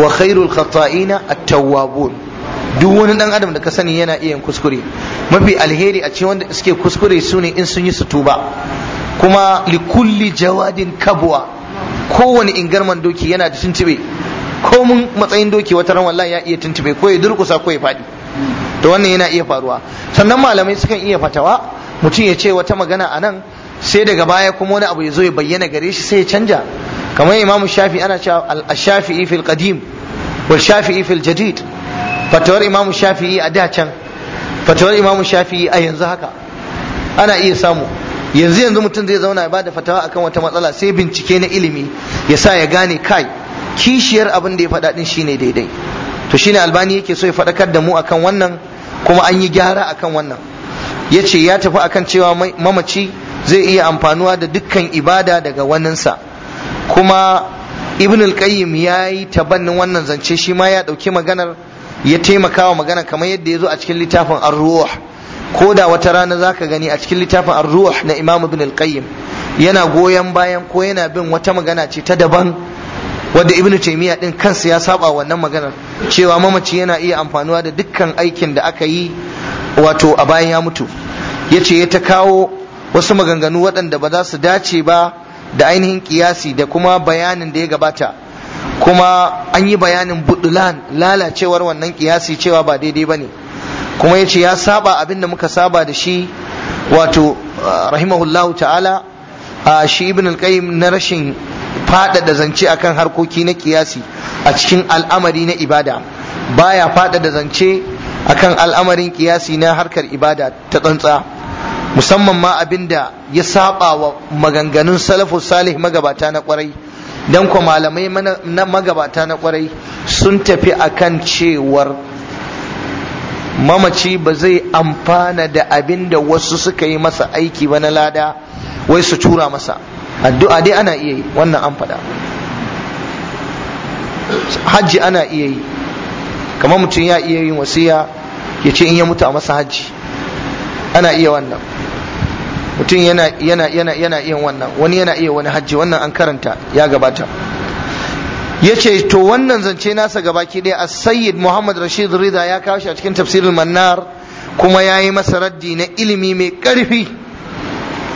wa khairul khata'ina at-tawwabun duk wani dan adam da ka sani yana iya yin kuskure mafi alheri a ce wanda suke kuskure su ne in sun yi su tuba kuma likulli jawadin kabwa kowane ingarman doki yana da tuntube ko mun matsayin doki wata ran wallahi ya iya tuntube ko ya durkusa ko ya faɗi to wannan yana iya faruwa sannan malamai sukan iya fatawa mutum ya ce wata magana a nan sai daga baya kuma wani abu ya zo ya bayyana gare shi sai ya canja kamar imamu shafi ana cewa al-shafi'i fil qadim wal shafi'i fil jadid fatawar imamu shafi'i a da can fatawar imamu shafi'i a yanzu haka ana iya samu yanzu yanzu mutum zai zauna ya bada fatawa akan wata matsala sai bincike na ilimi ya sa ya gane kai kishiyar abin da ya faɗa din shine daidai to shine albani yake so ya faɗakar da mu akan wannan kuma an yi gyara akan wannan ya ce ya tafi akan cewa mamaci zai iya amfanuwa da dukkan ibada daga waninsa kuma ibn al-qayyim ya yi tabannin wannan zance shi ma ya ɗauki maganar ya taimaka wa magana kamar yadda ya zo a cikin littafin ar-ruh ko da wata rana zaka gani a cikin littafin ar-ruh na Imam Ibn al-Qayyim yana goyon bayan ko yana bin wata magana ce ta daban wadda Ibn Taymiyyah din kansa ya saba wannan maganar cewa mamaci yana iya amfanuwa da dukkan aikin da aka yi wato a bayan ya mutu yace ya ta kawo wasu maganganu waɗanda ba za su dace ba da ainihin kiyasi da kuma bayanin da ya gabata kuma an yi bayanin budulan lalacewar wannan kiyasi cewa ba daidai ba ne kuma ya ce ya saba abin da muka saba da shi wato ah, rahimahullahu ta'ala a shi ibn al-qayyim na rashin faɗaɗa zance akan harkoki na kiyasi a cikin al'amari na ibada baya faɗaɗa zance akan al'amarin kiyasi na harkar ibada ta tsantsa musamman ma abin da ya saba wa maganganun salafus salih magabata na kwarai don ko malamai na magabata na kwarai sun tafi akan cewar mamaci ba zai amfana da abin da wasu suka yi masa aiki ba na lada wai su tura masa addu'a dai ana iya yi wannan an faɗa hajji ana iya yi kamar mutum ya iya yin wasiya ya ce in ya mutu a masa hajji ana iya wannan mutum yana yana yana yana iya wannan wani yana iya wani hajji wannan an karanta ya gabata yace to wannan zance nasa gaba ki daya as-sayyid Muhammad Rashid Rida ya kawo shi a cikin tafsirul Mannar kuma ya yi masa raddi na ilimi mai karfi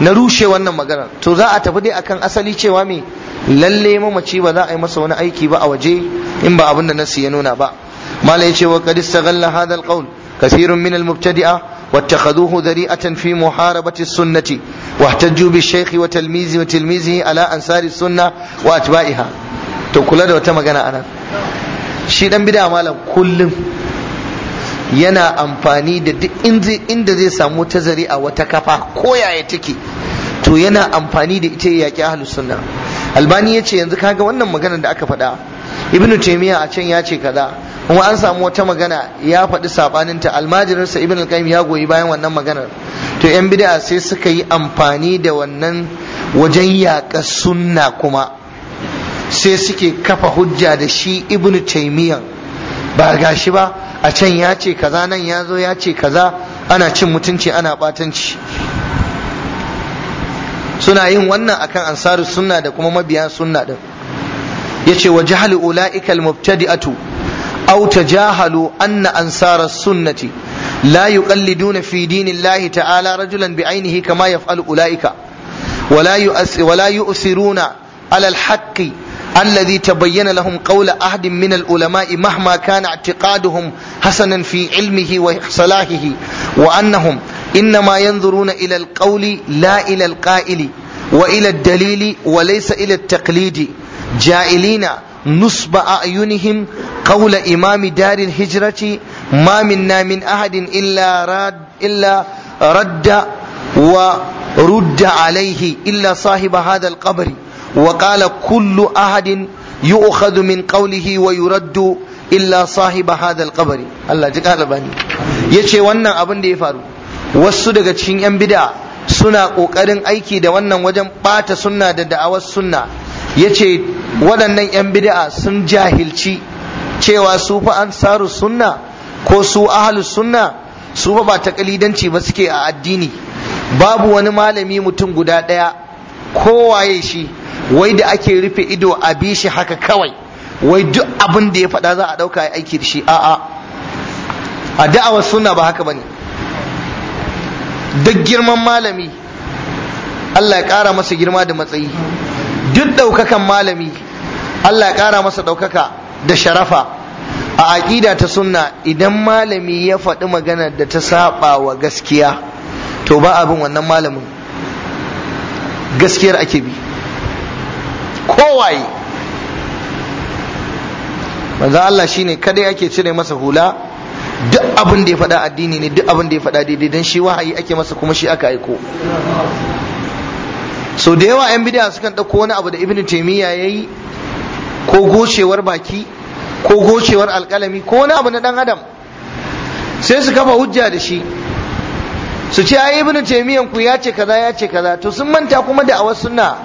na rushe wannan magana to za a tafi dai akan asali cewa me lalle mamaci ba za a yi masa wani aiki ba a waje in ba abin da nasi ya nuna ba mala yace wa qad istaghalla hadha al-qawl kathirun min al-mubtadi'a واتخذوه ذريعة في محاربة السنة واحتجوا بالشيخ وتلميذه وتلميذه على أنصار السنة وأتباعها تقول kula da wata magana anan shi dan bid'a malam kullum yana amfani da duk inda zai samu ta to yana amfani da ita yaki ahlus sunna albani yace yanzu kaga wannan maganar da aka faɗa ibnu taymiya a can ya ce kaza kuma an samu wata magana ya faɗi saɓaninta almajirinsa ibn al-qayyim ya goyi bayan wannan maganar to yan bid'a sai suka yi amfani da wannan wajen yaƙa sunna kuma sai suke kafa hujja da shi ibn taymiyyah ba gashi ba a can ya ce kaza nan ya zo ya ce kaza ana cin mutunci ana batanci suna yin wannan akan ansarus sunna da kuma mabiya sunna din yace wa jahlu ulaikal mubtadi'atu أو تجاهلوا أن أنصار السنة لا يقلدون في دين الله تعالى رجلا بعينه كما يفعل أولئك ولا ولا يؤثرون على الحق الذي تبين لهم قول أحد من العلماء مهما كان اعتقادهم حسنا في علمه وصلاحه وأنهم إنما ينظرون إلى القول لا إلى القائل وإلى الدليل وليس إلى التقليد جائلين نصب أعينهم قول إمام دار الهجرة ما منا من أحد إلا رد إلا رد ورد عليه إلا صاحب هذا القبر وقال كل أحد يؤخذ من قوله ويرد إلا صاحب هذا القبر الله جكال بني يشي وانا أبن دي فارو والصدقة شين ينبدأ suna ƙoƙarin aiki da wannan wajen ɓata sunna da da'awar sunna ya ce waɗannan 'yan bid'a sun jahilci cewa su fa saru sunna ko su ahlus sunna su fa ba takalidanci ba suke a addini babu wani malami mutum guda ɗaya kowaye shi wai da ake rufe ido a bi shi haka kawai wai duk abin da ya faɗa za a ɗauka ya aiki da shi a'a a da'awar sunna ba haka bane duk girman malami Allah ya ƙara masa girma da matsayi duk ɗaukakan malami Allah ya ƙara masa ɗaukaka da sharafa a aƙida ta sunna idan malami ya faɗi magana da ta saba wa gaskiya to ba abin wannan malamin gaskiyar ake bi kowaye manzo Allah shine kadai ake cire masa hula duk abin da ya faɗa addini ne duk abin da ya faɗa daidai dan shi wahayi ake masa kuma shi aka aiko so da yawa 'yan bid'a sukan ɗauko wani abu da ibn taimiyya ya yi ko gocewar baki ko gocewar alkalami ko wani abu na dan adam sai su kafa hujja da shi su ce ai ibnu taymiyan ku ya ce kaza ya ce kaza to sun manta kuma da awas sunna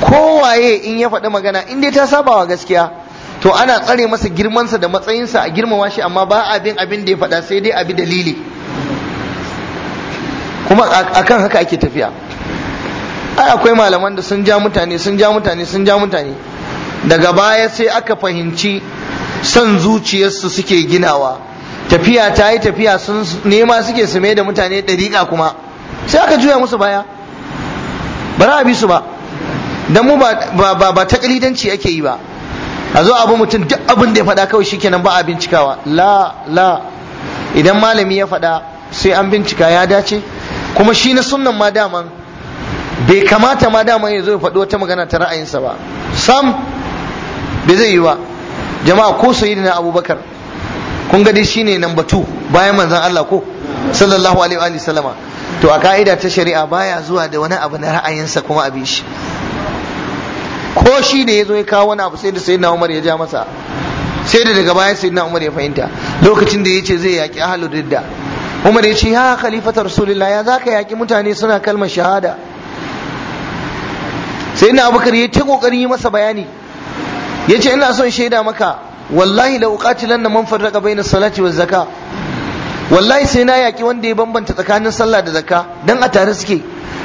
kowaye in ya faɗi magana in dai ta sabawa gaskiya to ana tsare masa girmansa da matsayinsa a girmama shi amma ba abin abin da ya faɗa sai dai abi dalili kuma akan haka ake tafiya ai akwai malaman da sun ja mutane sun ja mutane sun ja mutane daga baya sai aka fahimci son zuciyarsu suke ginawa tafiya ta yi tafiya sun nema suke su mai da mutane ɗariƙa kuma sai aka juya musu baya ba za a bi su ba don mu ba ba ake yi ba a zo abu mutum duk abin da ya faɗa kawai shi kenan ba a bincikawa la la idan malami ya faɗa sai an bincika ya dace kuma shi na sunnan ma daman bai kamata ma daman ya zo ya faɗi wata magana ta ra'ayinsa ba sam bai zai yi ba jama'a ko sayyidina abubakar kun ga dai ne number 2 bayan manzan Allah ko sallallahu alaihi wa sallama to a ka'ida ta shari'a baya zuwa da wani abu na ra'ayinsa kuma abin shi ko shi da ya zo ya kawo wani abu sai da sayyidina Umar ya ja masa sai da daga baya sayyidina Umar ya fahimta lokacin da ya ce zai yaki ahlul ridda Umar ya ce ya khalifata rasulullah ya zaka yaki mutane suna kalmar shahada sayyidina Abubakar ya ta kokarin yi masa bayani yace ina son shaida maka wallahi la uqatilan man farraqa baina salati wa zakka wallahi sai na yaki wanda ya bambanta tsakanin sallah da zakka dan a tare suke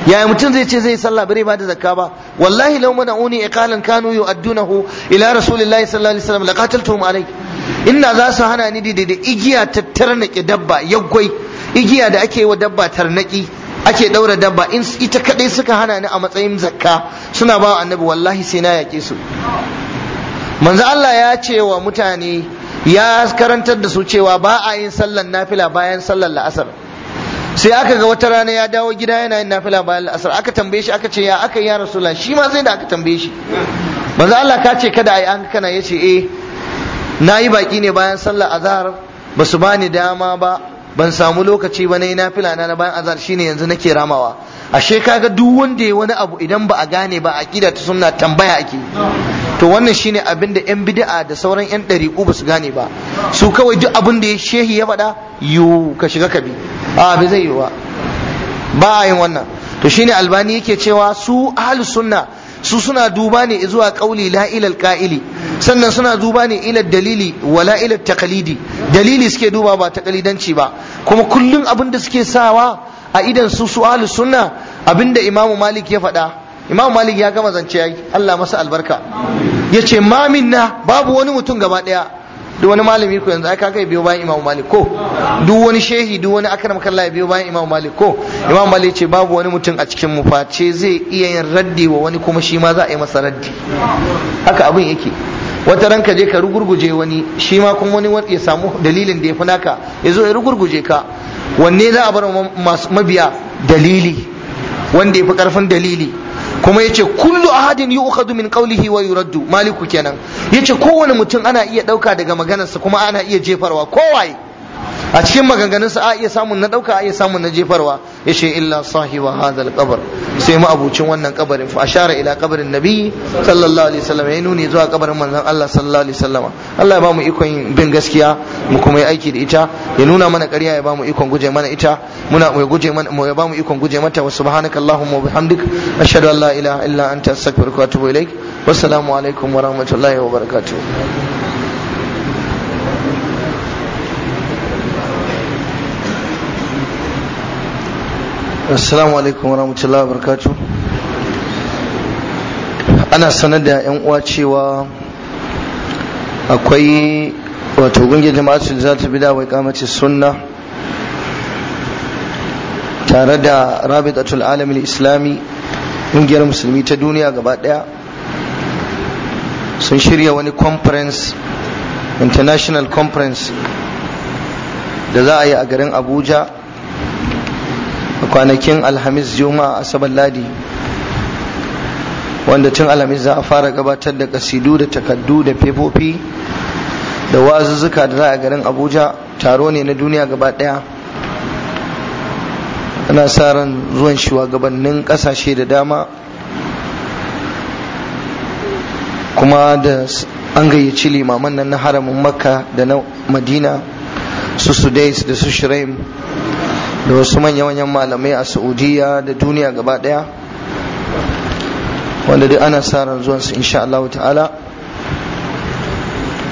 yaya mutum zai ce zai sallah bare ba da zakka ba wallahi law mana'uni iqalan kanu yu'addunahu ila rasulillahi sallallahu alaihi wasallam laqataltuhum alai inna za su hana ni da igiya tattarnake dabba yaggwai igiya da ake wa dabba tarnaki ake daura dabba in ita kadai suka hana ni a matsayin zakka suna ba annabi wallahi sai na yake su manzo Allah ya ce wa mutane ya karantar da su cewa ba a yin sallan nafila bayan sallan la'asar sai aka ga wata rana ya dawo gida yana yin nafila bayan la'asar aka tambaye shi aka ce ya aka yi ya rasula shi ma zai da aka tambaye shi manzo Allah ka ce kada ai an kana yace eh nayi baki ne bayan sallar azhar ba su bani dama ba ban samu lokaci ba nayi nafila na bayan azhar shine yanzu nake ramawa ashe kaga duk wanda ya wani abu idan ba a gane ba aqida ta sunna tambaya ake to wannan shine abin da yan bid'a da sauran yan ɗariƙu ba su gane ba su kawai duk abin da shehi ya faɗa yu ka shiga ka bi a bi zai yiwu ba ba yin wannan to shine albani yake cewa su ahlus sunna su suna duba ne zuwa kauli la ilal qa'ili sannan suna duba ne ilal dalili wala ilal taqlidi dalili suke duba ba taqlidanci ba kuma kullun abin da suke sawa a idan su su ahlus sunna abinda imamu malik ya faɗa imam malik ya gama zance yayi Allah masa albarka yace ma minna babu wani mutum gaba daya duk wani malami ko yanzu ai ka kai biyo bayan imam malik ko duk wani shehi duk wani akram kallah biyo bayan imam malik ko imam malik ce babu wani mutum a cikin mu face zai iya yin raddi wa wani kuma shi ma za a yi masa raddi haka abin yake wata ranka ka je ka rugurguje wani shi ma kuma wani ya samu dalilin da ya fi naka ya zo ya rugurguje ka wanne za a bar mabiya dalili wanda ya fi karfin dalili kuma yace kullu ahadin yu'khadhu min qawlihi wa yuraddu maliku kenan yace kowane mutum ana iya dauka daga maganarsa kuma ana iya jefarwa kowaye a cikin maganganunsa a iya samun na ɗauka a iya samun na jefarwa ya ce illa sahiba hadal kabar sai mu ma'abucin wannan kabarin fa ashara ila kabarin nabi sallallahu alaihi wasallam ya nuni zuwa kabarin manzon Allah sallallahu alaihi wasallam Allah ya ba mu ikon bin gaskiya mu kuma yi aiki da ita ya nuna mana ƙarya ya ba mu ikon guje mana ita muna mu guje mana ya ba mu ikon guje mata wa subhanakallahumma wa bihamdik ashhadu an la ilaha illa anta astaghfiruka wa atubu ilaik wassalamu alaikum wa rahmatullahi wa barakatuh assalamu alaikum wa rahmatullahi wa barakatu ana sanar da yan uwa cewa akwai wato gungiyar jama'atul za ta bida wai kamace sunna tare da rabitatul alamin islami gungiyar musulmi ta duniya gaba daya sun shirya wani conference international conference da za a yi a garin abuja kwanakin alhamis juma'a asabar ladi wanda tun alhamis za a fara gabatar da kasidu da takaddu da fefofi da wazuzzuka da za a garin abuja taro ne na duniya gaba daya ana sa ran zuwan shugabannin kasashe da dama kuma da an gayyaci limaman nan na haramin makka da na madina su sudais da su shiraim da wasu manya-manyan malamai a saudiya da duniya gaba daya wanda duk ana sa ran zuwansu insha Allah ta'ala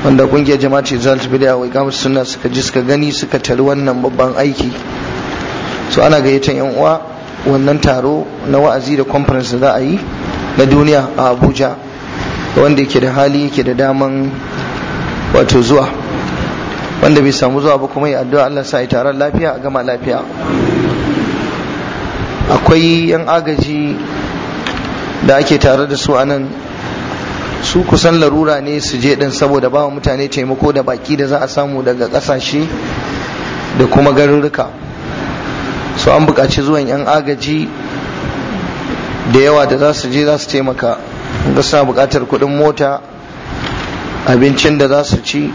wanda kungiyar jama'a ce zalt bidiya wai kamar sunna suka ji suka gani suka tari wannan babban aiki so ana gayyatar yan uwa wannan taro na wa'azi da conference da za a yi na duniya a abuja wanda yake da hali yake da daman wato zuwa wanda bai samu zuwa ba kuma yi addu'a Allah sa ya taron lafiya a gama lafiya akwai yan agaji da ake tare da su anan su kusan larura ne su je din saboda ba mutane taimako da baki da za a samu daga kasashe da kuma garuruka. su an buƙaci zuwan yan agaji da yawa da za su je za su taimaka ga suna buƙatar kuɗin mota abincin da za su ci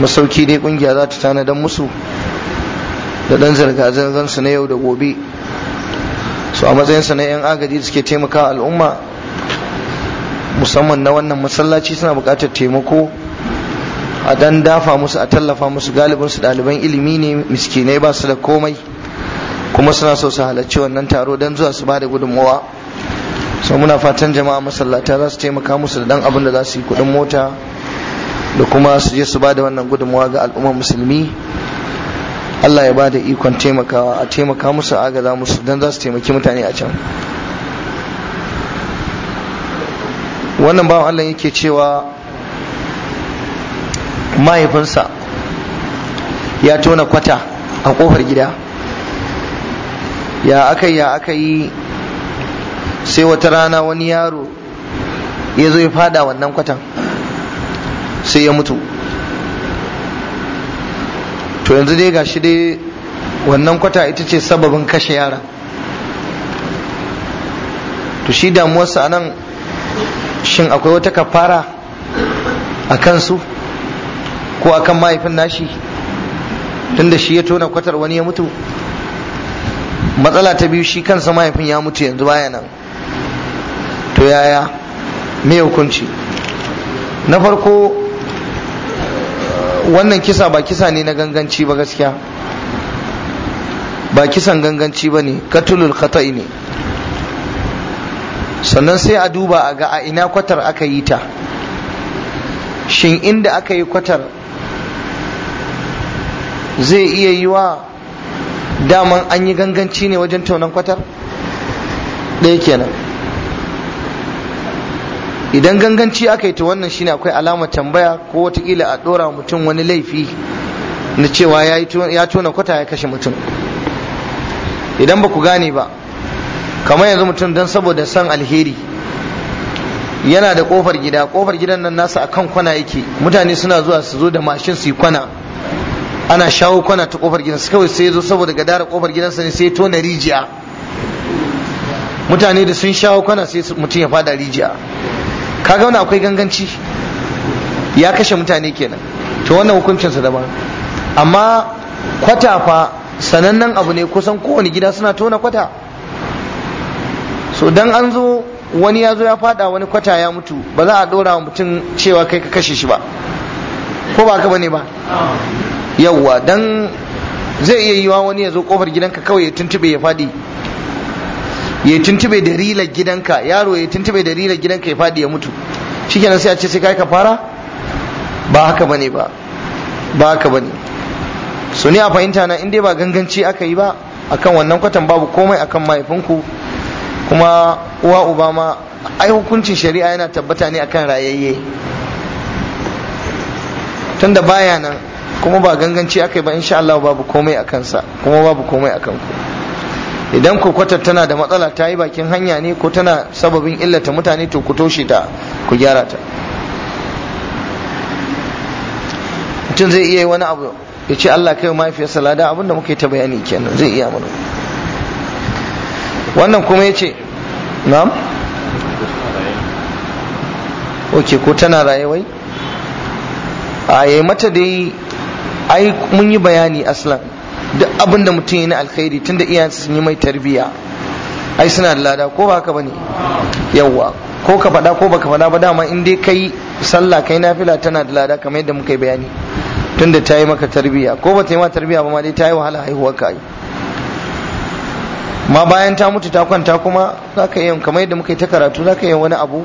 masauki dai kungiya za ta don musu da dan zirga zan su na yau da gobe su a matsayin sa na yan agaji suke taimaka al'umma musamman na wannan masallaci suna buƙatar taimako a dan dafa musu a tallafa musu galibin su ɗaliban ilimi ne miskinai ba su da komai kuma suna so su halarci wannan taro don zuwa su ba da gudunmawa sau muna fatan jama'a masallata za su taimaka musu da dan abin da za su yi kuɗin mota da kuma su je su ba da wannan gudunmawa ga al'ummar musulmi Allah ya ba da ikon taimakawa a taimaka musu a agaza musu don za su taimaki mutane a can wannan bawan Allah yake cewa mahaifinsa ya tona kwata a kofar gida ya aka yi ya aka yi sai wata rana wani yaro ya zo ya fada wannan kwatan sai ya mutu to yanzu dai gashi dai wannan kwata ita ce sababin kashe yara to shi damuwarsa a nan shin akwai wata kafara a kansu ko a kan mahaifin nashi tunda shi ya tona kwatar wani ya mutu matsala ta biyu shi kansa mahaifin ya mutu yanzu baya nan to yaya me hukunci na farko wannan kisa ba kisa ne na ganganci ba gaskiya ba kisan ganganci ba ne katulul khata'i ne sannan sai a duba a ga a ina kwatar aka yi ta shin inda aka yi kwatar zai iya yi wa daman an yi ganganci ne wajen taunan kwatar ɗaya kenan idan ganganci aka yi ta wannan shine akwai alamar tambaya ko watakila a ɗora mutum wani laifi na cewa ya tona kwata ya kashe mutum idan ba ku gane ba kamar yanzu mutum don saboda san alheri yana da kofar gida kofar gidan nan nasa a kan kwana yake mutane suna zuwa su zo da mashin su yi kwana ana shawo kwana ta kofar gidansa kawai sai zo saboda gadara kofar gidansa ne sai tona rijiya mutane da sun shawo kwana sai mutum ya fada rijiya kaga wannan akwai ganganci ya kashe mutane kenan to wannan hukuncinsa daban amma kwata fa sanannen abu ne kusan kowane gida suna tona kwata so dan an zo wani ya zo ya fada wani kwata ya mutu ba za a dora wa mutum cewa kai ka kashe shi ba ko ba ka bane ba yawwa dan zai iya yiwa wani ya zo kofar gidanka kawai ya tuntube ya fadi ya tuntube da gidanka yaro ya tuntube da rilar gidanka ya fadi ya mutu shikenan sai a ce sai kai ka fara ba haka bane ba ba haka bane su ne a fahimta na inda ba ganganci aka yi ba akan wannan kwatan babu komai akan mahaifinku kuma uwa uba ma ai hukuncin shari'a yana tabbata ne akan rayayye tunda baya nan kuma ba ganganci aka yi ba insha Allah babu komai akan sa kuma babu komai akan ku idan kokotar tana da matsala ta yi bakin hanya ne ko tana sababin illata mutane to ku toshe ta ku gyara ta mutum zai iya yi wani abu ya ce Allah kai mahaifiyarsa lada abin da muka yi ta bayani kenan zai iya mana wannan kuma ya ce na'am oke ko tana raye wai a yi mata dai ai mun yi bayani aslan duk abin da mutum ya na alkhairi tunda iyayensa sun yi mai tarbiyya ai suna da lada ko ba ba bane yawwa ko ka faɗa ko baka faɗa ba dama in dai kai sallah kai nafila tana da lada kamar yadda muka yi bayani tunda ta yi maka tarbiyya ko ba ta yi ma tarbiyya ba ma dai ta yi wahala haihuwar ka yi? ma bayan ta mutu ta kwanta kuma za ka yi kamar yadda muka yi ta karatu za ka yi wani abu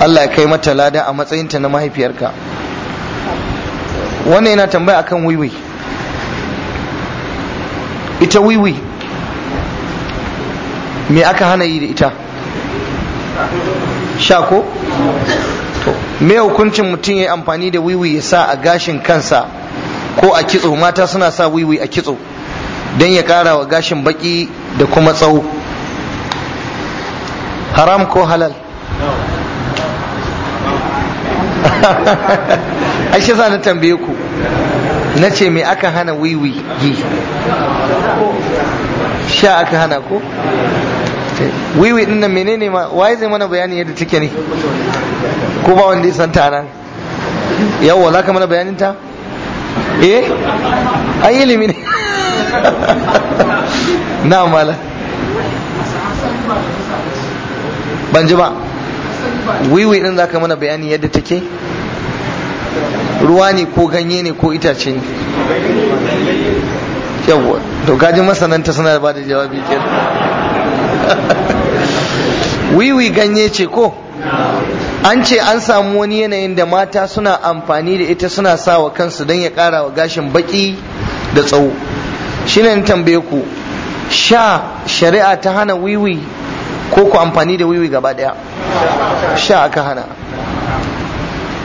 Allah ya kai mata lada a matsayinta na mahaifiyarka wannan yana tambaya akan wiwi ita wiwi me aka hana yi da ita sha ko to me hukuncin mutum ya yi amfani da wiwi ya sa a gashin kansa ko a kitso mata suna sa wiwi a kitso don ya kara wa gashin baki da kuma tsawo haram ko halal *laughs* ashe za na tambaye ku na ce me aka hana wiwi yi sha aka hana ko wiwi din nan menene ma waye zai mana bayani yadda take ne ko ba wanda ya san ta nan yawa za ka mana bayanin ta eh ai ilimi ne *laughs* na mala ban ji ba wiwi din za ka mana bayani yadda take ruwa ne ko ganye ne ko itace ne yawa to kaji masananta suna ba da jawabi kenan *laughs* wiwi ganye ce ko an ce an samu wani yanayin da mata suna amfani da ita suna sawa kansu don ya kara wa gashin baki da tsawo shi ne tambaye ku sha shari'a ta hana wiwi ko ku amfani da wiwi gaba daya sha aka hana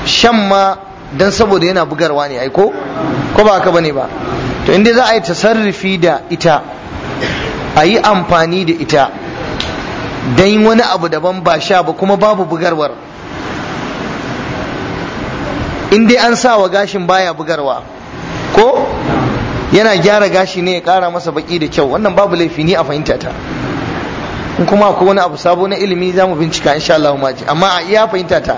shan ma don saboda yana bugarwa ne aiko ko ba aka bane ba to inda za a yi tasarrufi da ita a yi amfani da ita don wani abu daban ba sha ba kuma babu bugarwar in dai an sa wa gashin baya bugarwa ko yana gyara gashi ne ya kara masa baki da kyau wannan babu laifi ni a fahimta ta in kuma akwai wani abu sabo na ilimi za mu bincika insha Allah maji amma a iya fahimta ta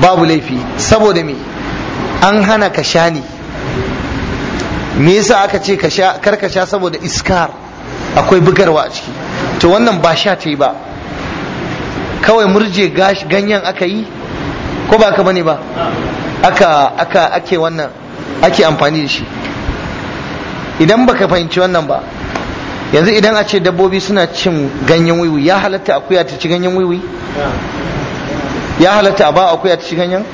babu laifi saboda me an hana ka shani me yasa aka ce ka sha karka sha saboda iskar akwai bugarwa a ciki to wannan ba sha ta yi ba kawai murje ganyen aka yi ko ba ka bane ba aka aka ake wannan ake amfani da shi idan baka fahimci wannan ba yanzu idan a ce dabbobi suna cin ganyen wiwi ya halatta akuya ta ci ganyen wiwi ya halatta a ba akuya ta ci ganyen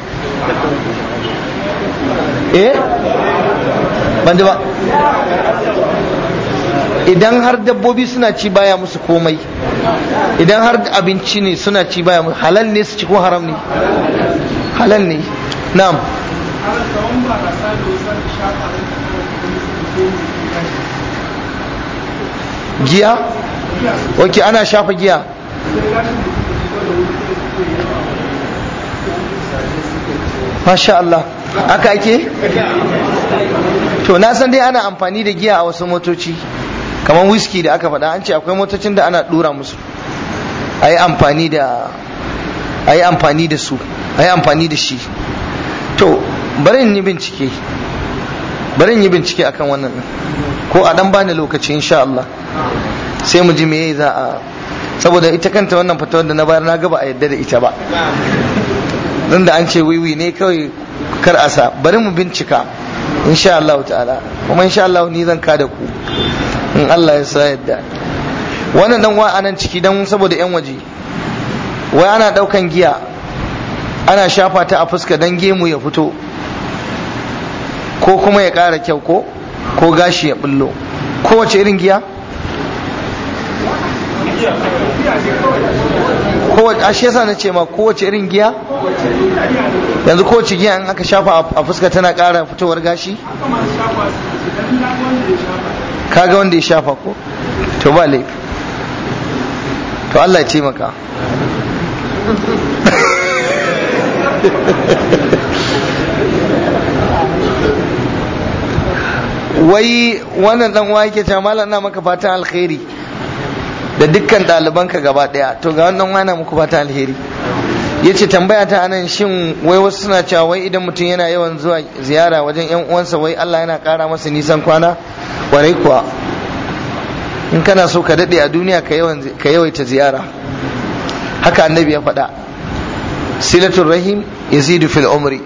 eh ban ji ba idan har dabbobi suna ci baya musu komai idan har abinci ne suna ci baya musu halal ne su ci ko haram ne halal ne na'am giya ok ana shafa giya masha Allah aka ake to na san dai ana amfani da giya a wasu motoci kamar whisky da aka faɗa an ce akwai motocin da ana ɗura musu a yi amfani da a yi amfani da su a yi amfani da shi to bari in yi bincike barin yi bincike akan wannan ko a dan bani lokaci insha Allah sai mu ji meye za a saboda ita kanta wannan fatawar da na bayar na gaba a yadda da ita ba dan da an ce wiwi ne kawai kar a sa bari mu bincika insha Allah ta'ala kuma insha Allah ni zan ka da ku in Allah ya sa yadda wannan dan wa anan ciki dan saboda yan waje wai ana daukan giya ana shafa ta a fuska dan gemu ya fito ko kuma ya ƙara kyau ko ko gashi ya bullo wace irin giya kowace ashe yasa na ce ma ko wace irin giya yanzu ko cigiya in aka shafa a fuska tana ƙara fitowar gashi kaga wanda ya shafa ko to ba laifi to Allah ya taimaka wai wannan dan uwa yake cewa malam ina maka fatan alkhairi da dukkan ɗalibanka gaba ɗaya to ga wannan uwa na muku fatan alheri ya ce tambaya ta anan shin wai wasu suna cewa wai idan mutum yana yawan zuwa ziyara wajen yan uwansa wai Allah yana ƙara masa nisan kwana kwarai kuwa in kana so ka daɗe a duniya ka yawaita ziyara haka annabi ya faɗa silatul rahim yazidu fil umri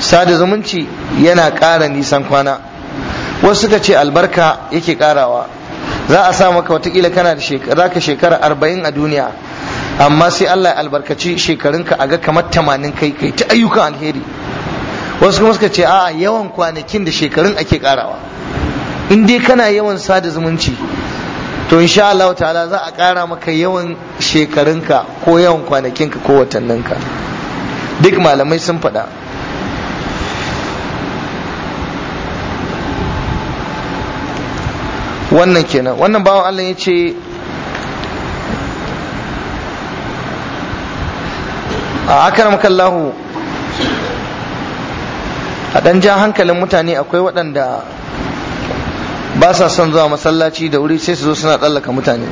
sada zumunci yana ƙara nisan kwana wasu suka ce albarka yake ƙarawa za a sa maka watakila kana da shekara arba'in a duniya amma sai Allah ya albarkaci shekarunka a ga kamar tamanin kai kai ta ayyukan alheri wasu kuma suka ce a yawan kwanakin da shekarun ake karawa in dai kana yawan sada zumunci to insha Allah ta'ala za a kara maka yawan shekarunka ko yawan kwanakinka ko watanninka duk malamai sun faɗa wannan kenan wannan bawan Allah ya ce a akaram a ɗan ja hankalin mutane akwai waɗanda ba sa son zuwa masallaci da wuri sai su zo suna tsallaka mutane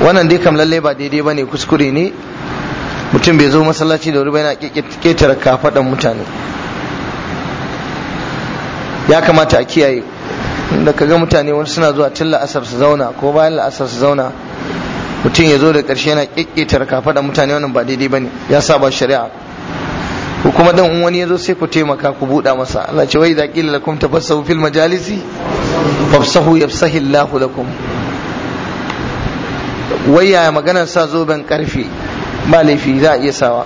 wannan dai kam lalle ba daidai ba ne kuskure ne mutum bai zo masallaci da wuri ba yana ƙetare kafaɗan mutane ya kamata a kiyaye da kaga mutane wani suna zuwa tun la'asar su zauna ko bayan la'asar su zauna mutum ya zo da ƙarshe yana ƙiƙƙitar kafa da mutane wannan ba daidai bane ya saba shari'a ko kuma dan in wani ya zo sai ku taimaka ku buɗa masa Allah ce wai idza lakum tafassahu fil majalisi fafsahu yafsahi Allahu lakum wai ya maganar sa zoben karfe ba laifi za a iya sawa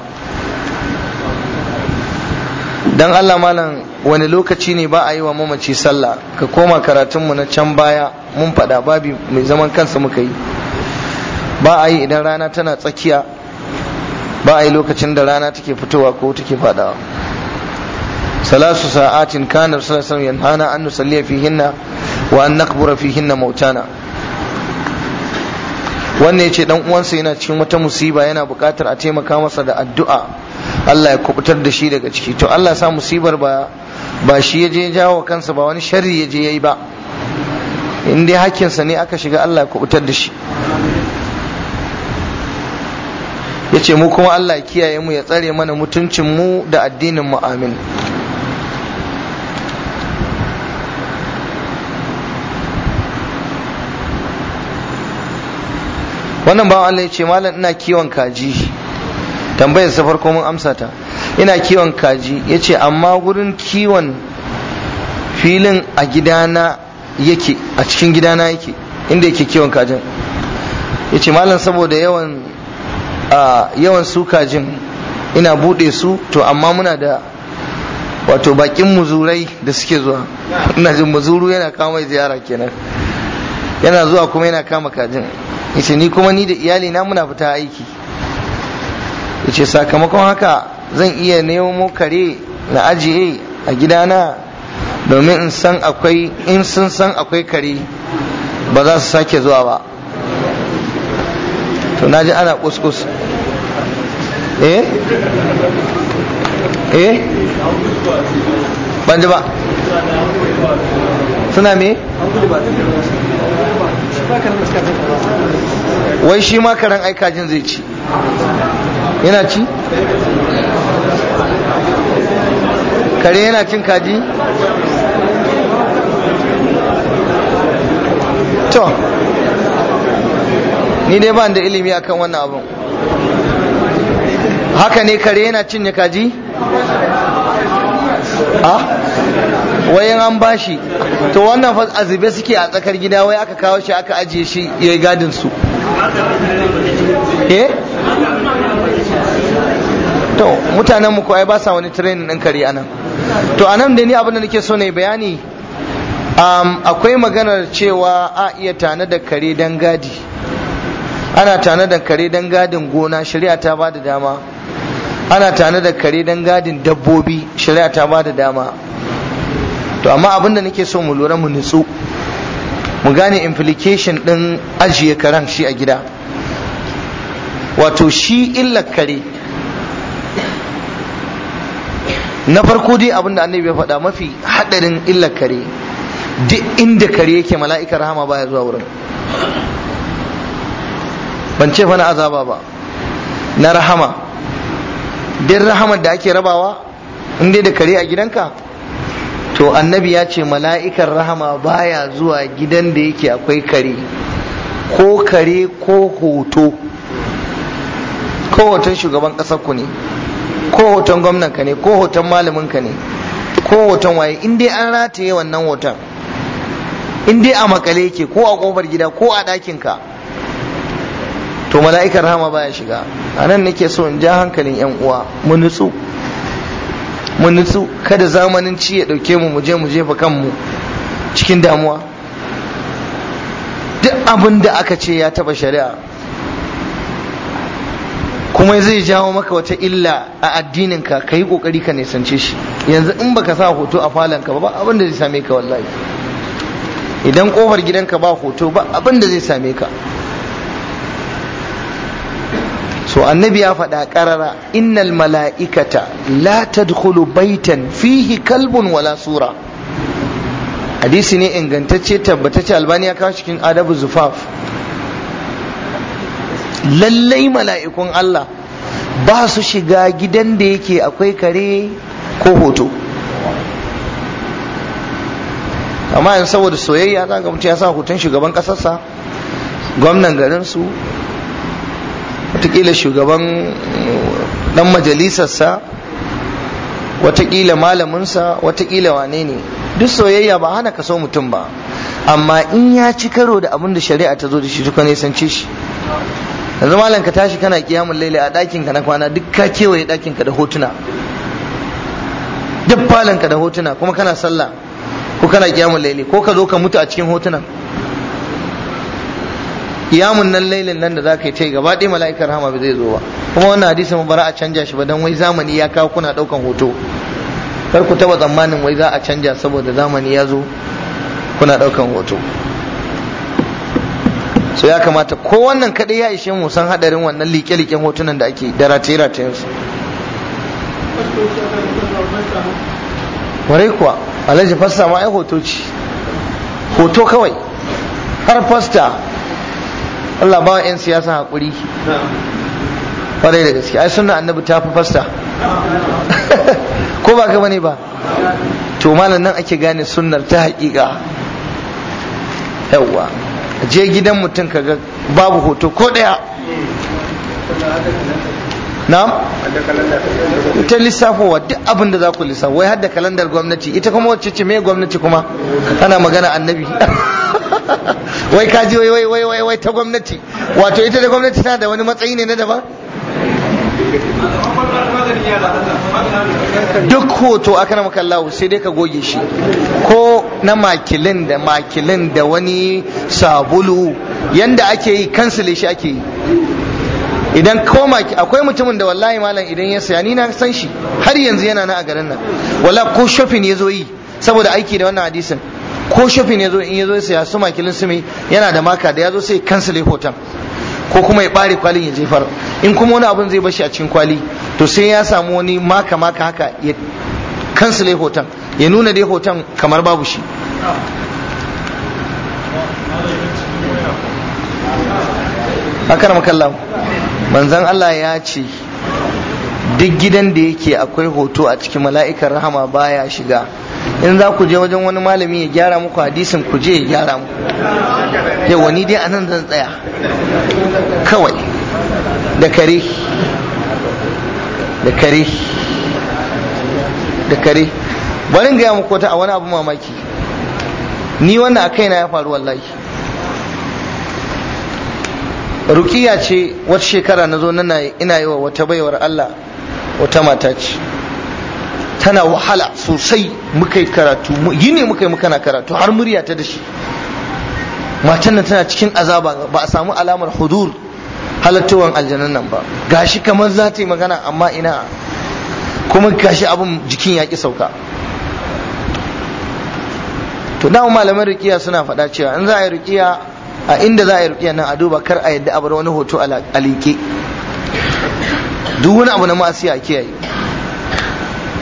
dan Allah malam wani lokaci ne ba a yi wa mamaci sallah ka koma karatunmu na can baya mun faɗa babi mai zaman kansa muka yi ba a yi idan rana tana tsakiya ba a yi lokacin da rana take fitowa ko take fadawa salasu sa'atin kanar sallallahu yanhana an nusalliya hinna wa an fi hinna mautana wannan ce dan uwansa yana cikin wata musiba yana bukatar a taimaka masa da addu'a Allah ya kubutar da shi daga ciki to Allah sa musibar ba ba shi ya je jawo kansa ba wani sharri ya je yayi ba in dai hakkinsa ne aka shiga Allah ya kubutar da shi ya ce mu kuma Allah kiyaye mu ya tsare mana mutuncin mu da addinin mu amin wannan bawan Allah ya ce malam ina kiwon kaji tambayar sa farko mun amsa ta ina kiwon kaji ya ce amma gurin kiwon filin a gidana yake a cikin gidana yake inda yake kiwon kajin ya ce malam saboda yawan a yawan su kajin ina bude su to amma muna da wato bakin muzurai da suke zuwa ina jin muzuru yana kama ziyara kenan yana zuwa kuma yana kama kajin yace ni kuma ni da iyali na muna fita aiki yace sakamakon haka zan iya nemo kare na ajiye a gidana domin in san akwai in sun san akwai kare ba za su sake zuwa ba to na ji ana kuskus eh eh ban ji ba suna me wai shi ma karen aikajin zai ci yana ci kare yana cin kaji to ni dai ba da ilimi akan wannan abun haka ne kare yana cinye kaji a wayan an bashi to wannan fa azube suke a tsakar gida wai aka kawo shi aka ajiye shi ya yi gadin su eh to mutanen mu ai ba sa wani training din kare anan to anan da ni abin da nake so ne bayani akwai maganar cewa a iya tana da kare dan gadi ana da kare don gadin gona shari'a ta ba da dama ana da kare don gadin dabbobi shari'a ta ba da dama to amma abin da nake so mu lura mu nutsu mu gane implication ɗin ajiye karen shi a gida wato shi illar kare na farko dai abin da annabi ya faɗa mafi haɗarin illar kare duk inda kare yake mala'ikar rahama baya zuwa wurin ban ce fa na azaba ba na rahama din rahamar da ake rabawa in dai da kare a gidanka to annabi ya ce mala'ikan rahama baya zuwa gidan da yake akwai kare ko kare ko hoto ko hoton shugaban ƙasar ku ne ko hoton gwamnan ka ne ko hoton malamin ka ne ko hoton waye in dai an rataye wannan hoton in dai a makale yake ko a kofar gida ko a ɗakin ka to mala'ikar rahama baya shiga anan nake so in ja hankalin yan uwa mu nutsu mu nutsu kada zamanin ci ya dauke mu mu je mu jefa kanmu cikin damuwa duk abin da aka ce ya taba shari'a kuma zai jawo maka wata illa a addininka ka yi kokari ka nisance shi yanzu in baka sa hoto a falonka ba abin da zai same ka wallahi idan kofar gidanka ba hoto ba abin da zai same ka so annabi ya faɗa ƙarara innal mala'ikata la tadkhulu baitan fihi kalbun wala sura hadisi ne ingantacce tabbatacce albani ya kawo cikin adabu zufaf lallai mala'ikun Allah ba su shiga gidan da yake akwai kare ko hoto amma yanzu saboda soyayya za ga ya sa hoton shugaban ƙasarsa gwamnan garinsu watakila shugaban dan majalisarsa watakila malaminsa watakila wane ne duk soyayya ba hana ka so mutum ba amma in ya ci karo da abin da shari'a ta zo da shi tukwane san ce shi yanzu malam ka tashi kana kiyamun laili a ɗakin ka na kwana duk ka kewaye ɗakin ka da hotuna duk falon ka da hotuna kuma kana sallah ko kana kiyamun laili ko ka zo ka mutu a cikin hotunan qiyamun nan lailin nan da za ka yi tai gaba ɗaya mala'ikar rahama ba zai zo ba kuma wannan hadisi mu bara a canja shi ba dan wai zamani ya kawo kuna ɗaukan hoto kar ku taɓa tsammanin wai za a canja saboda zamani ya zo kuna ɗaukan hoto so ya kamata ko wannan kaɗai ya ishe mu san haɗarin wannan liƙe-liƙen hotunan da ake da rataye rataye su warai kuwa alhaji fasta ma ai hoto ce hoto kawai har fasta Allah ba 'yan siyasa haƙuri ƙwarai da gaske ai sunna annabi ta fi fasta *laughs* ko ba ka bane ba to malam nan ake gane sunnar ta haƙiƙa yawwa je gidan mutum kaga babu hoto ko ɗaya na'am ta lissafowa duk abin da za ku lissafa wai har da kalandar gwamnati ita kuma wacce ce me gwamnati kuma ana magana annabi *laughs* wai kaji wai wai wai wai ta gwamnati wato ita da gwamnati tana da wani matsayi ne na daban duk hoto aka na makallahu sai dai ka goge shi ko na makilin da makilin da wani sabulu yanda ake yi kansile shi ake yi idan koma akwai mutumin da wallahi malam idan ya saya ni na san shi har yanzu yana na a garin nan wala ko shafin ya zo yi saboda aiki da wannan hadisin ko shopping ya zo in ya zo ya suma kilin su mai yana da maka da ya zo sai kansale hoton ko kuma ya bare kwalin ya jefar in kuma wani abun zai bashi a cikin kwali to sai ya samu wani maka maka haka ya kansale hoton ya nuna dai hoton kamar babu shi akar makallam manzon Allah ya ce duk gidan da yake akwai hoto a cikin mala'ikar rahama baya shiga in za ku je wajen wani malami ya gyara muku hadisin ku je ya gyara muku ya wani dai anan zan tsaya kawai da kare da kare da kare bari gaya muku wata a wani abu mamaki ni wannan a kaina ya faru wallahi rukiya ce wata shekara nazo zo ina yi wa wata baiwar Allah wata mata ce tana wahala sosai muka yi karatu ne muka yi muka na karatu har murya ta dashi matan nan tana cikin azaba ba a samu alamar hudur halattuwan aljanan nan ba gashi kamar za ta yi magana amma ina kuma gashi abin jikin ya ki sauka to da malaman rikiya suna faɗa cewa in za a yi rikiya a inda za a yi rikiya nan a duba kar a yadda a bar wani hoto a liƙe duk wani abu na masu ya kiyaye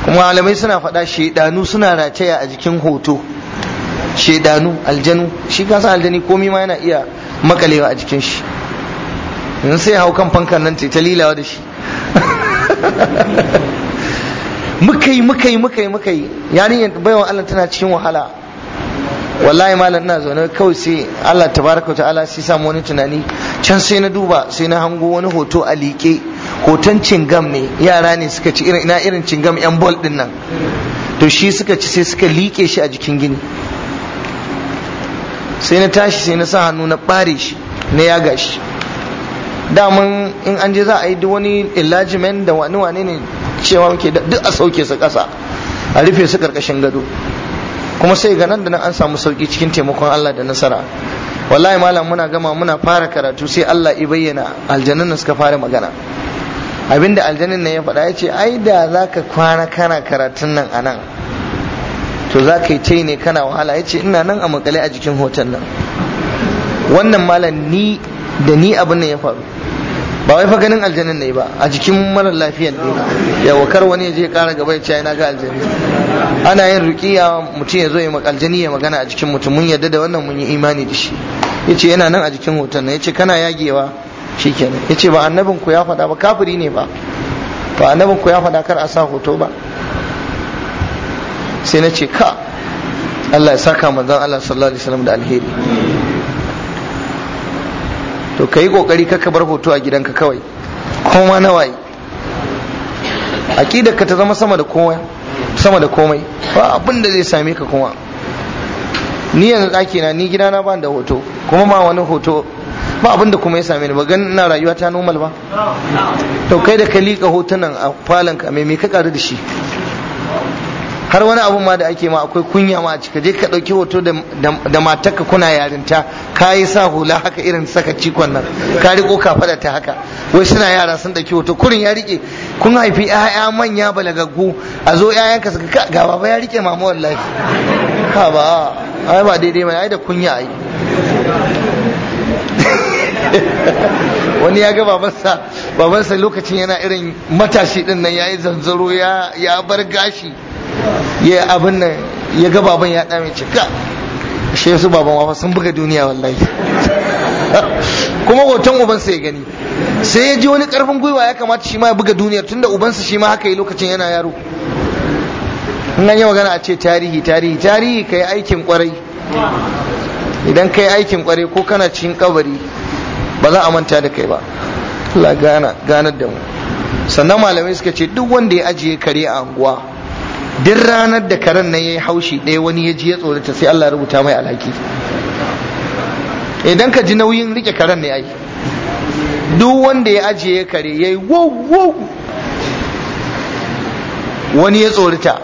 kuma malamai suna faɗa shedanu suna rataya a jikin hoto shedanu aljanu shi kasan aljani komi ma yana iya makalewa a jikin shi yanzu sai hau kan fankan nan ta lilawa da shi *laughs* muka yi muka yi muka yi muka yi yarinyar baiwa Allah tana cikin wahala wallahi malam ina zaune kawai sai Allah tabaraka wa ta'ala sai samu wani tunani can sai na duba sai na hango wani hoto a liƙe hoton cingam ne yara ne suka ci irin ina irin cingam yan bol din nan to shi suka ci sai suka liƙe shi a jikin gini sai na tashi sai na sa hannu na ɓare shi na yaga shi daman in an je za a yi duk wani enlargement da wani wane ne cewa muke duk a sauke su ƙasa a rufe su ƙarƙashin gado kuma sai ga nan da nan an samu sauki cikin taimakon Allah da nasara wallahi malam muna gama muna fara karatu sai Allah ya bayyana aljannan suka fara magana abinda aljanin nan ya faɗa ya ce ai da za ka kwana kana karatun nan a nan to za ka yi ta ne kana wahala ya ce ina nan a makale a jikin hoton nan wannan malam ni da ni abin nan ya faru ba wai fa ganin aljanin ne ba a jikin marar lafiyan ne yawa kar wani ya je kara gaba ya ce na ga aljani ana yin rukiya mutum ya zo ya aljani ya magana a jikin mutum mun yadda da wannan mun yi imani da shi Ya ce, yana nan a jikin hoton nan ce kana yagewa shikenan yace ba annabin ku ya faɗa ba kafiri ne ba ba annabin ku ya faɗa kar a sa hoto ba sai na ce ka Allah ya saka manzon Allah sallallahu alaihi wasallam da alheri to kai kokari ka bar hoto a gidanka kawai kuma na waye aqidar ka ta zama sama da kowa sama da komai ba abin da zai same ka kuma ni yanzu ɗaki na ni gidana ban da hoto kuma ma wani hoto ba da kuma ya same ni ba gan ina rayuwa ta nomal ba to kai da ka liƙa hotunan a falon ka me ka karu da shi har wani abu ma da ake ma akwai kunya ma a cika je ka ɗauki hoto da matarka kuna yarinta ka yi sa hula haka irin saka cikon nan ka riƙo ka faɗa ta haka wai suna yara sun dauki hoto kurin ya rike, kun haifi 'ya'ya manya balagaggu a zo 'ya'yanka su ga baba ya rike mama wallahi ka ba ai ba daidai ba ai da kunya ai *laughs* wani ya ga babansa babansa lokacin yana irin matashi din nan yayi zanzaro ya ya bar gashi ya abin nan ya ga baban ya dame cika shi su baban wafa sun buga duniya wallahi *laughs* kuma hoton ubansa ya gani sai ya ji wani karfin gwiwa ya kamata shi ma ya buga duniya tunda ubansa shi ma haka yi lokacin yana yaro nan yi magana a ce tarihi tarihi tarihi kai aikin kwarai idan kai aikin kwarai ko kana cikin kabari ba za a manta da kai ba Allah gana ganar da mu sannan malamai suka ce duk wanda ya ajiye kare a anguwa duk ranar da karen nan yayi haushi ɗaya wani ya ji ya tsorata sai Allah rubuta mai alhaki idan ka ji nauyin rike karen ne ai duk wanda ya ajiye kare yayi wow wow wani ya tsorata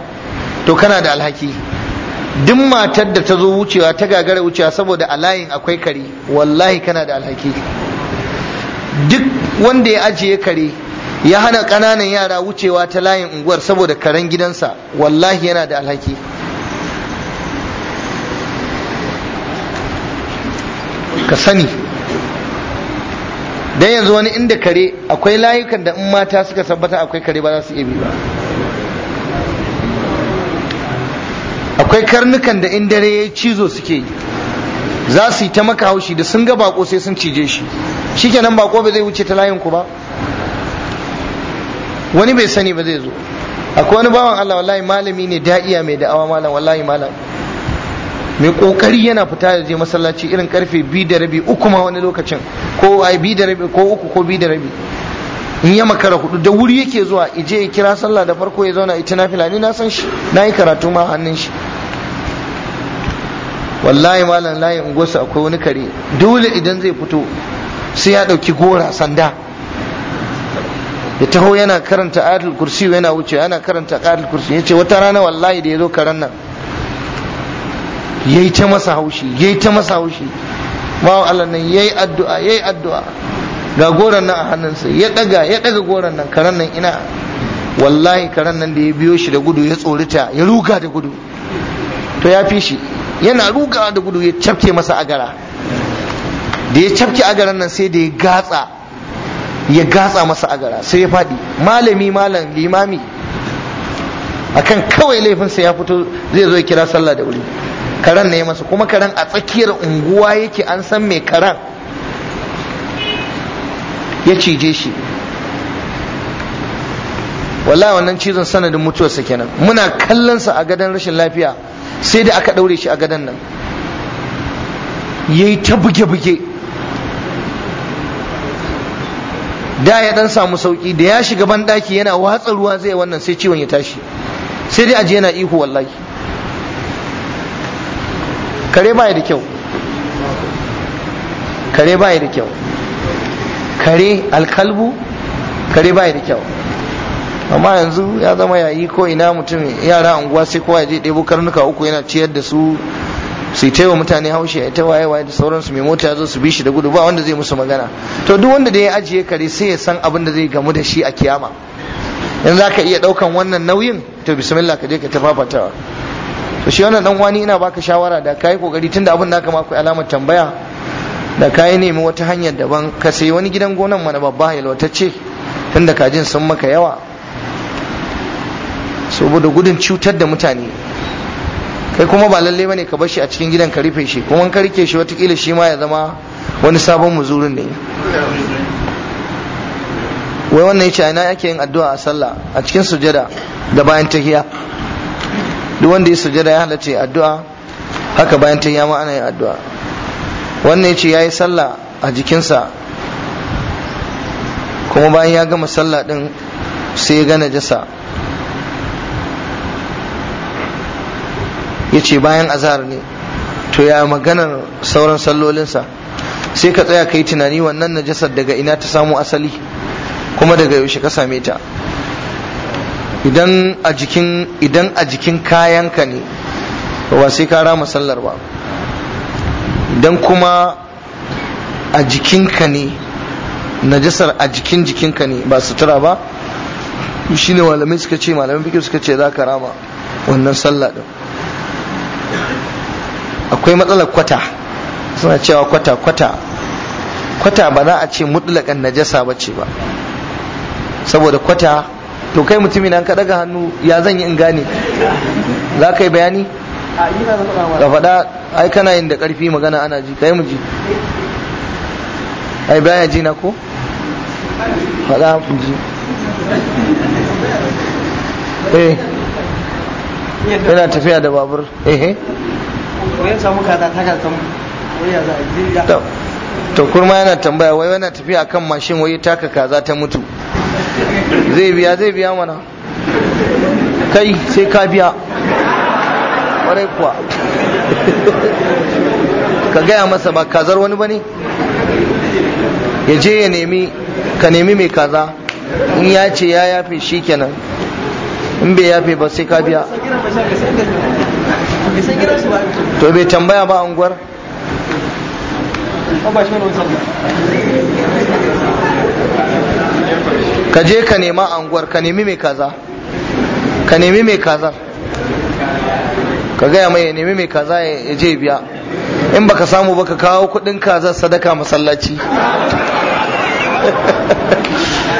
to kana da alhaki duk matar da ta zo wucewa ta gagara wucewa saboda a layin akwai kare wallahi kana da alhaki duk wanda ya ajiye kare ya hana ƙananan yara wucewa ta layin unguwar saboda karen gidansa wallahi yana da alhaki ka sani dan yanzu wani inda kare akwai layukan da in mata suka tabbata akwai kare ba za su iya bi ba akwai karnukan da in dare ya cizo suke yi za su yi ta maka haushi da sun ga bako sai sun cije shi shikenan bako ba zai wuce ta layin ku ba wani bai sani ba zai zo akwai wani bawan Allah wallahi malami ne da'iya mai da'awa malam wallahi malam mai kokari yana fita da je masallaci irin karfe biyu da rabi uku ma wani lokacin ko ai biyu da rabi ko uku ko biyu da rabi in ya makara hudu da wuri yake zuwa ije ya kira sallah da farko ya zauna ita nafila ni na san shi nayi karatu ma hannun shi wallahi malam layi unguwarsa akwai wani kare dole idan zai fito sai ya ɗauki gora sanda ya taho yana karanta ayatul kursi yana wuce yana karanta ayatul kursi ya ce wata rana wallahi da ya zo karen nan yayi ta masa haushi yayi ta masa haushi bawan Allah nan yayi addu'a yayi addu'a ga goran nan a hannunsa ya daga ya daga goran nan karen nan ina wallahi karen nan da ya biyo shi da gudu ya tsorita ya ruga da gudu to ya fi shi yana rugawa da gudu ya cafke masa agara da ya cafke agaran nan sai da ya gatsa ya gatsa masa agara sai ya faɗi malami malam limami akan kawai laifinsa ya fito zai zo ya kira sallah da wuri karan ne masa kuma karan a tsakiyar unguwa yake an san mai karan ya cije shi wallahi wannan cizon sanadin mutuwarsa kenan muna kallonsa a gadon rashin lafiya sai da aka ɗaure shi a gadon nan ya yi ta buge-buge da ya ɗan samu sauƙi da ya shiga ban yana watsa ruwa zai wannan sai ciwon ya tashi sai dai aji yana ihu wallahi kare baya da kyau kare baya da kyau kare alkalbu kare baya da kyau amma yanzu ya zama yayi ko ina mutum yara unguwa sai kowa ya je ɗebo karnuka uku yana ciyar da su su ta wa mutane haushe ya ta waye waye da sauransu mai mota zo su bi shi da gudu ba wanda zai musu magana to duk wanda da ya ajiye kare sai ya san abin da zai gamu da shi a kiyama yanzu za ka iya ɗaukan wannan nauyin to bismillah ka je ka tafafatawa to shi wannan dan wani ina baka shawara da kayi kokari tunda abin naka ma maka alamar tambaya da kai nemi wata hanyar daban ka sayi wani gidan gonan mana babba yalwatacce tunda kajin sun maka yawa saboda gudun cutar da mutane kai kuma ba lalle bane ka bar shi a cikin gidan ka rufe shi kuma ka rike shi watakila shi ma ya zama wani sabon muzurin ne wai wannan yace ina yake yin addu'a a sallah a cikin sujada da bayan tahiya duk wanda ya sujada ya halace addu'a haka bayan tahiya ma ana yin addu'a wannan yace yayi sallah a jikinsa kuma bayan ya gama sallah din sai ya ga najasa ya ce bayan azhar ne to ya maganar sauran sallolinsa sai ka tsaya ka yi tunani wannan najasar daga ina ta samu asali kuma daga yaushe ka same ta idan a jikin kayan ka ne ba sai ka rama sallar ba idan kuma a jikinka ne najasar a jikin jikinka ne ba sutura ba shi ne malamai suka ce malamai fikir suka ce za ka rama wannan sallar. din akwai matsalar kwata suna cewa kwata kwata kwata ba za a ce mutlakan najasa ba ce ba saboda kwata to kai mutumi nan ka daga hannu ya zan yi in gane za ka yi bayani ka faɗa ai kana yin da ƙarfi magana ana ji kai mu ji ai baya ji na ko faɗa mu ji eh yana tafiya da babur eh, eh. ta to kurma yana tambaya wai yana tafiya kan mashin wai taka kaza ta mutu zai biya zai biya mana kai sai ka biya kwarai kuwa *laughs* ka gaya masa ba kazar wani ba ne ya je ya nemi ka nemi mai kaza in ya ce ya yafe shi kenan in bai yafe ba sai ka biya to bai tambaya ba unguwar ka je ka nema anguwar ka nemi mai kaza ka nemi mai kazar ka gaya mai ya nemi mai kaza ya je biya in baka samu baka kawo kudin kazar sadaka masallaci *laughs*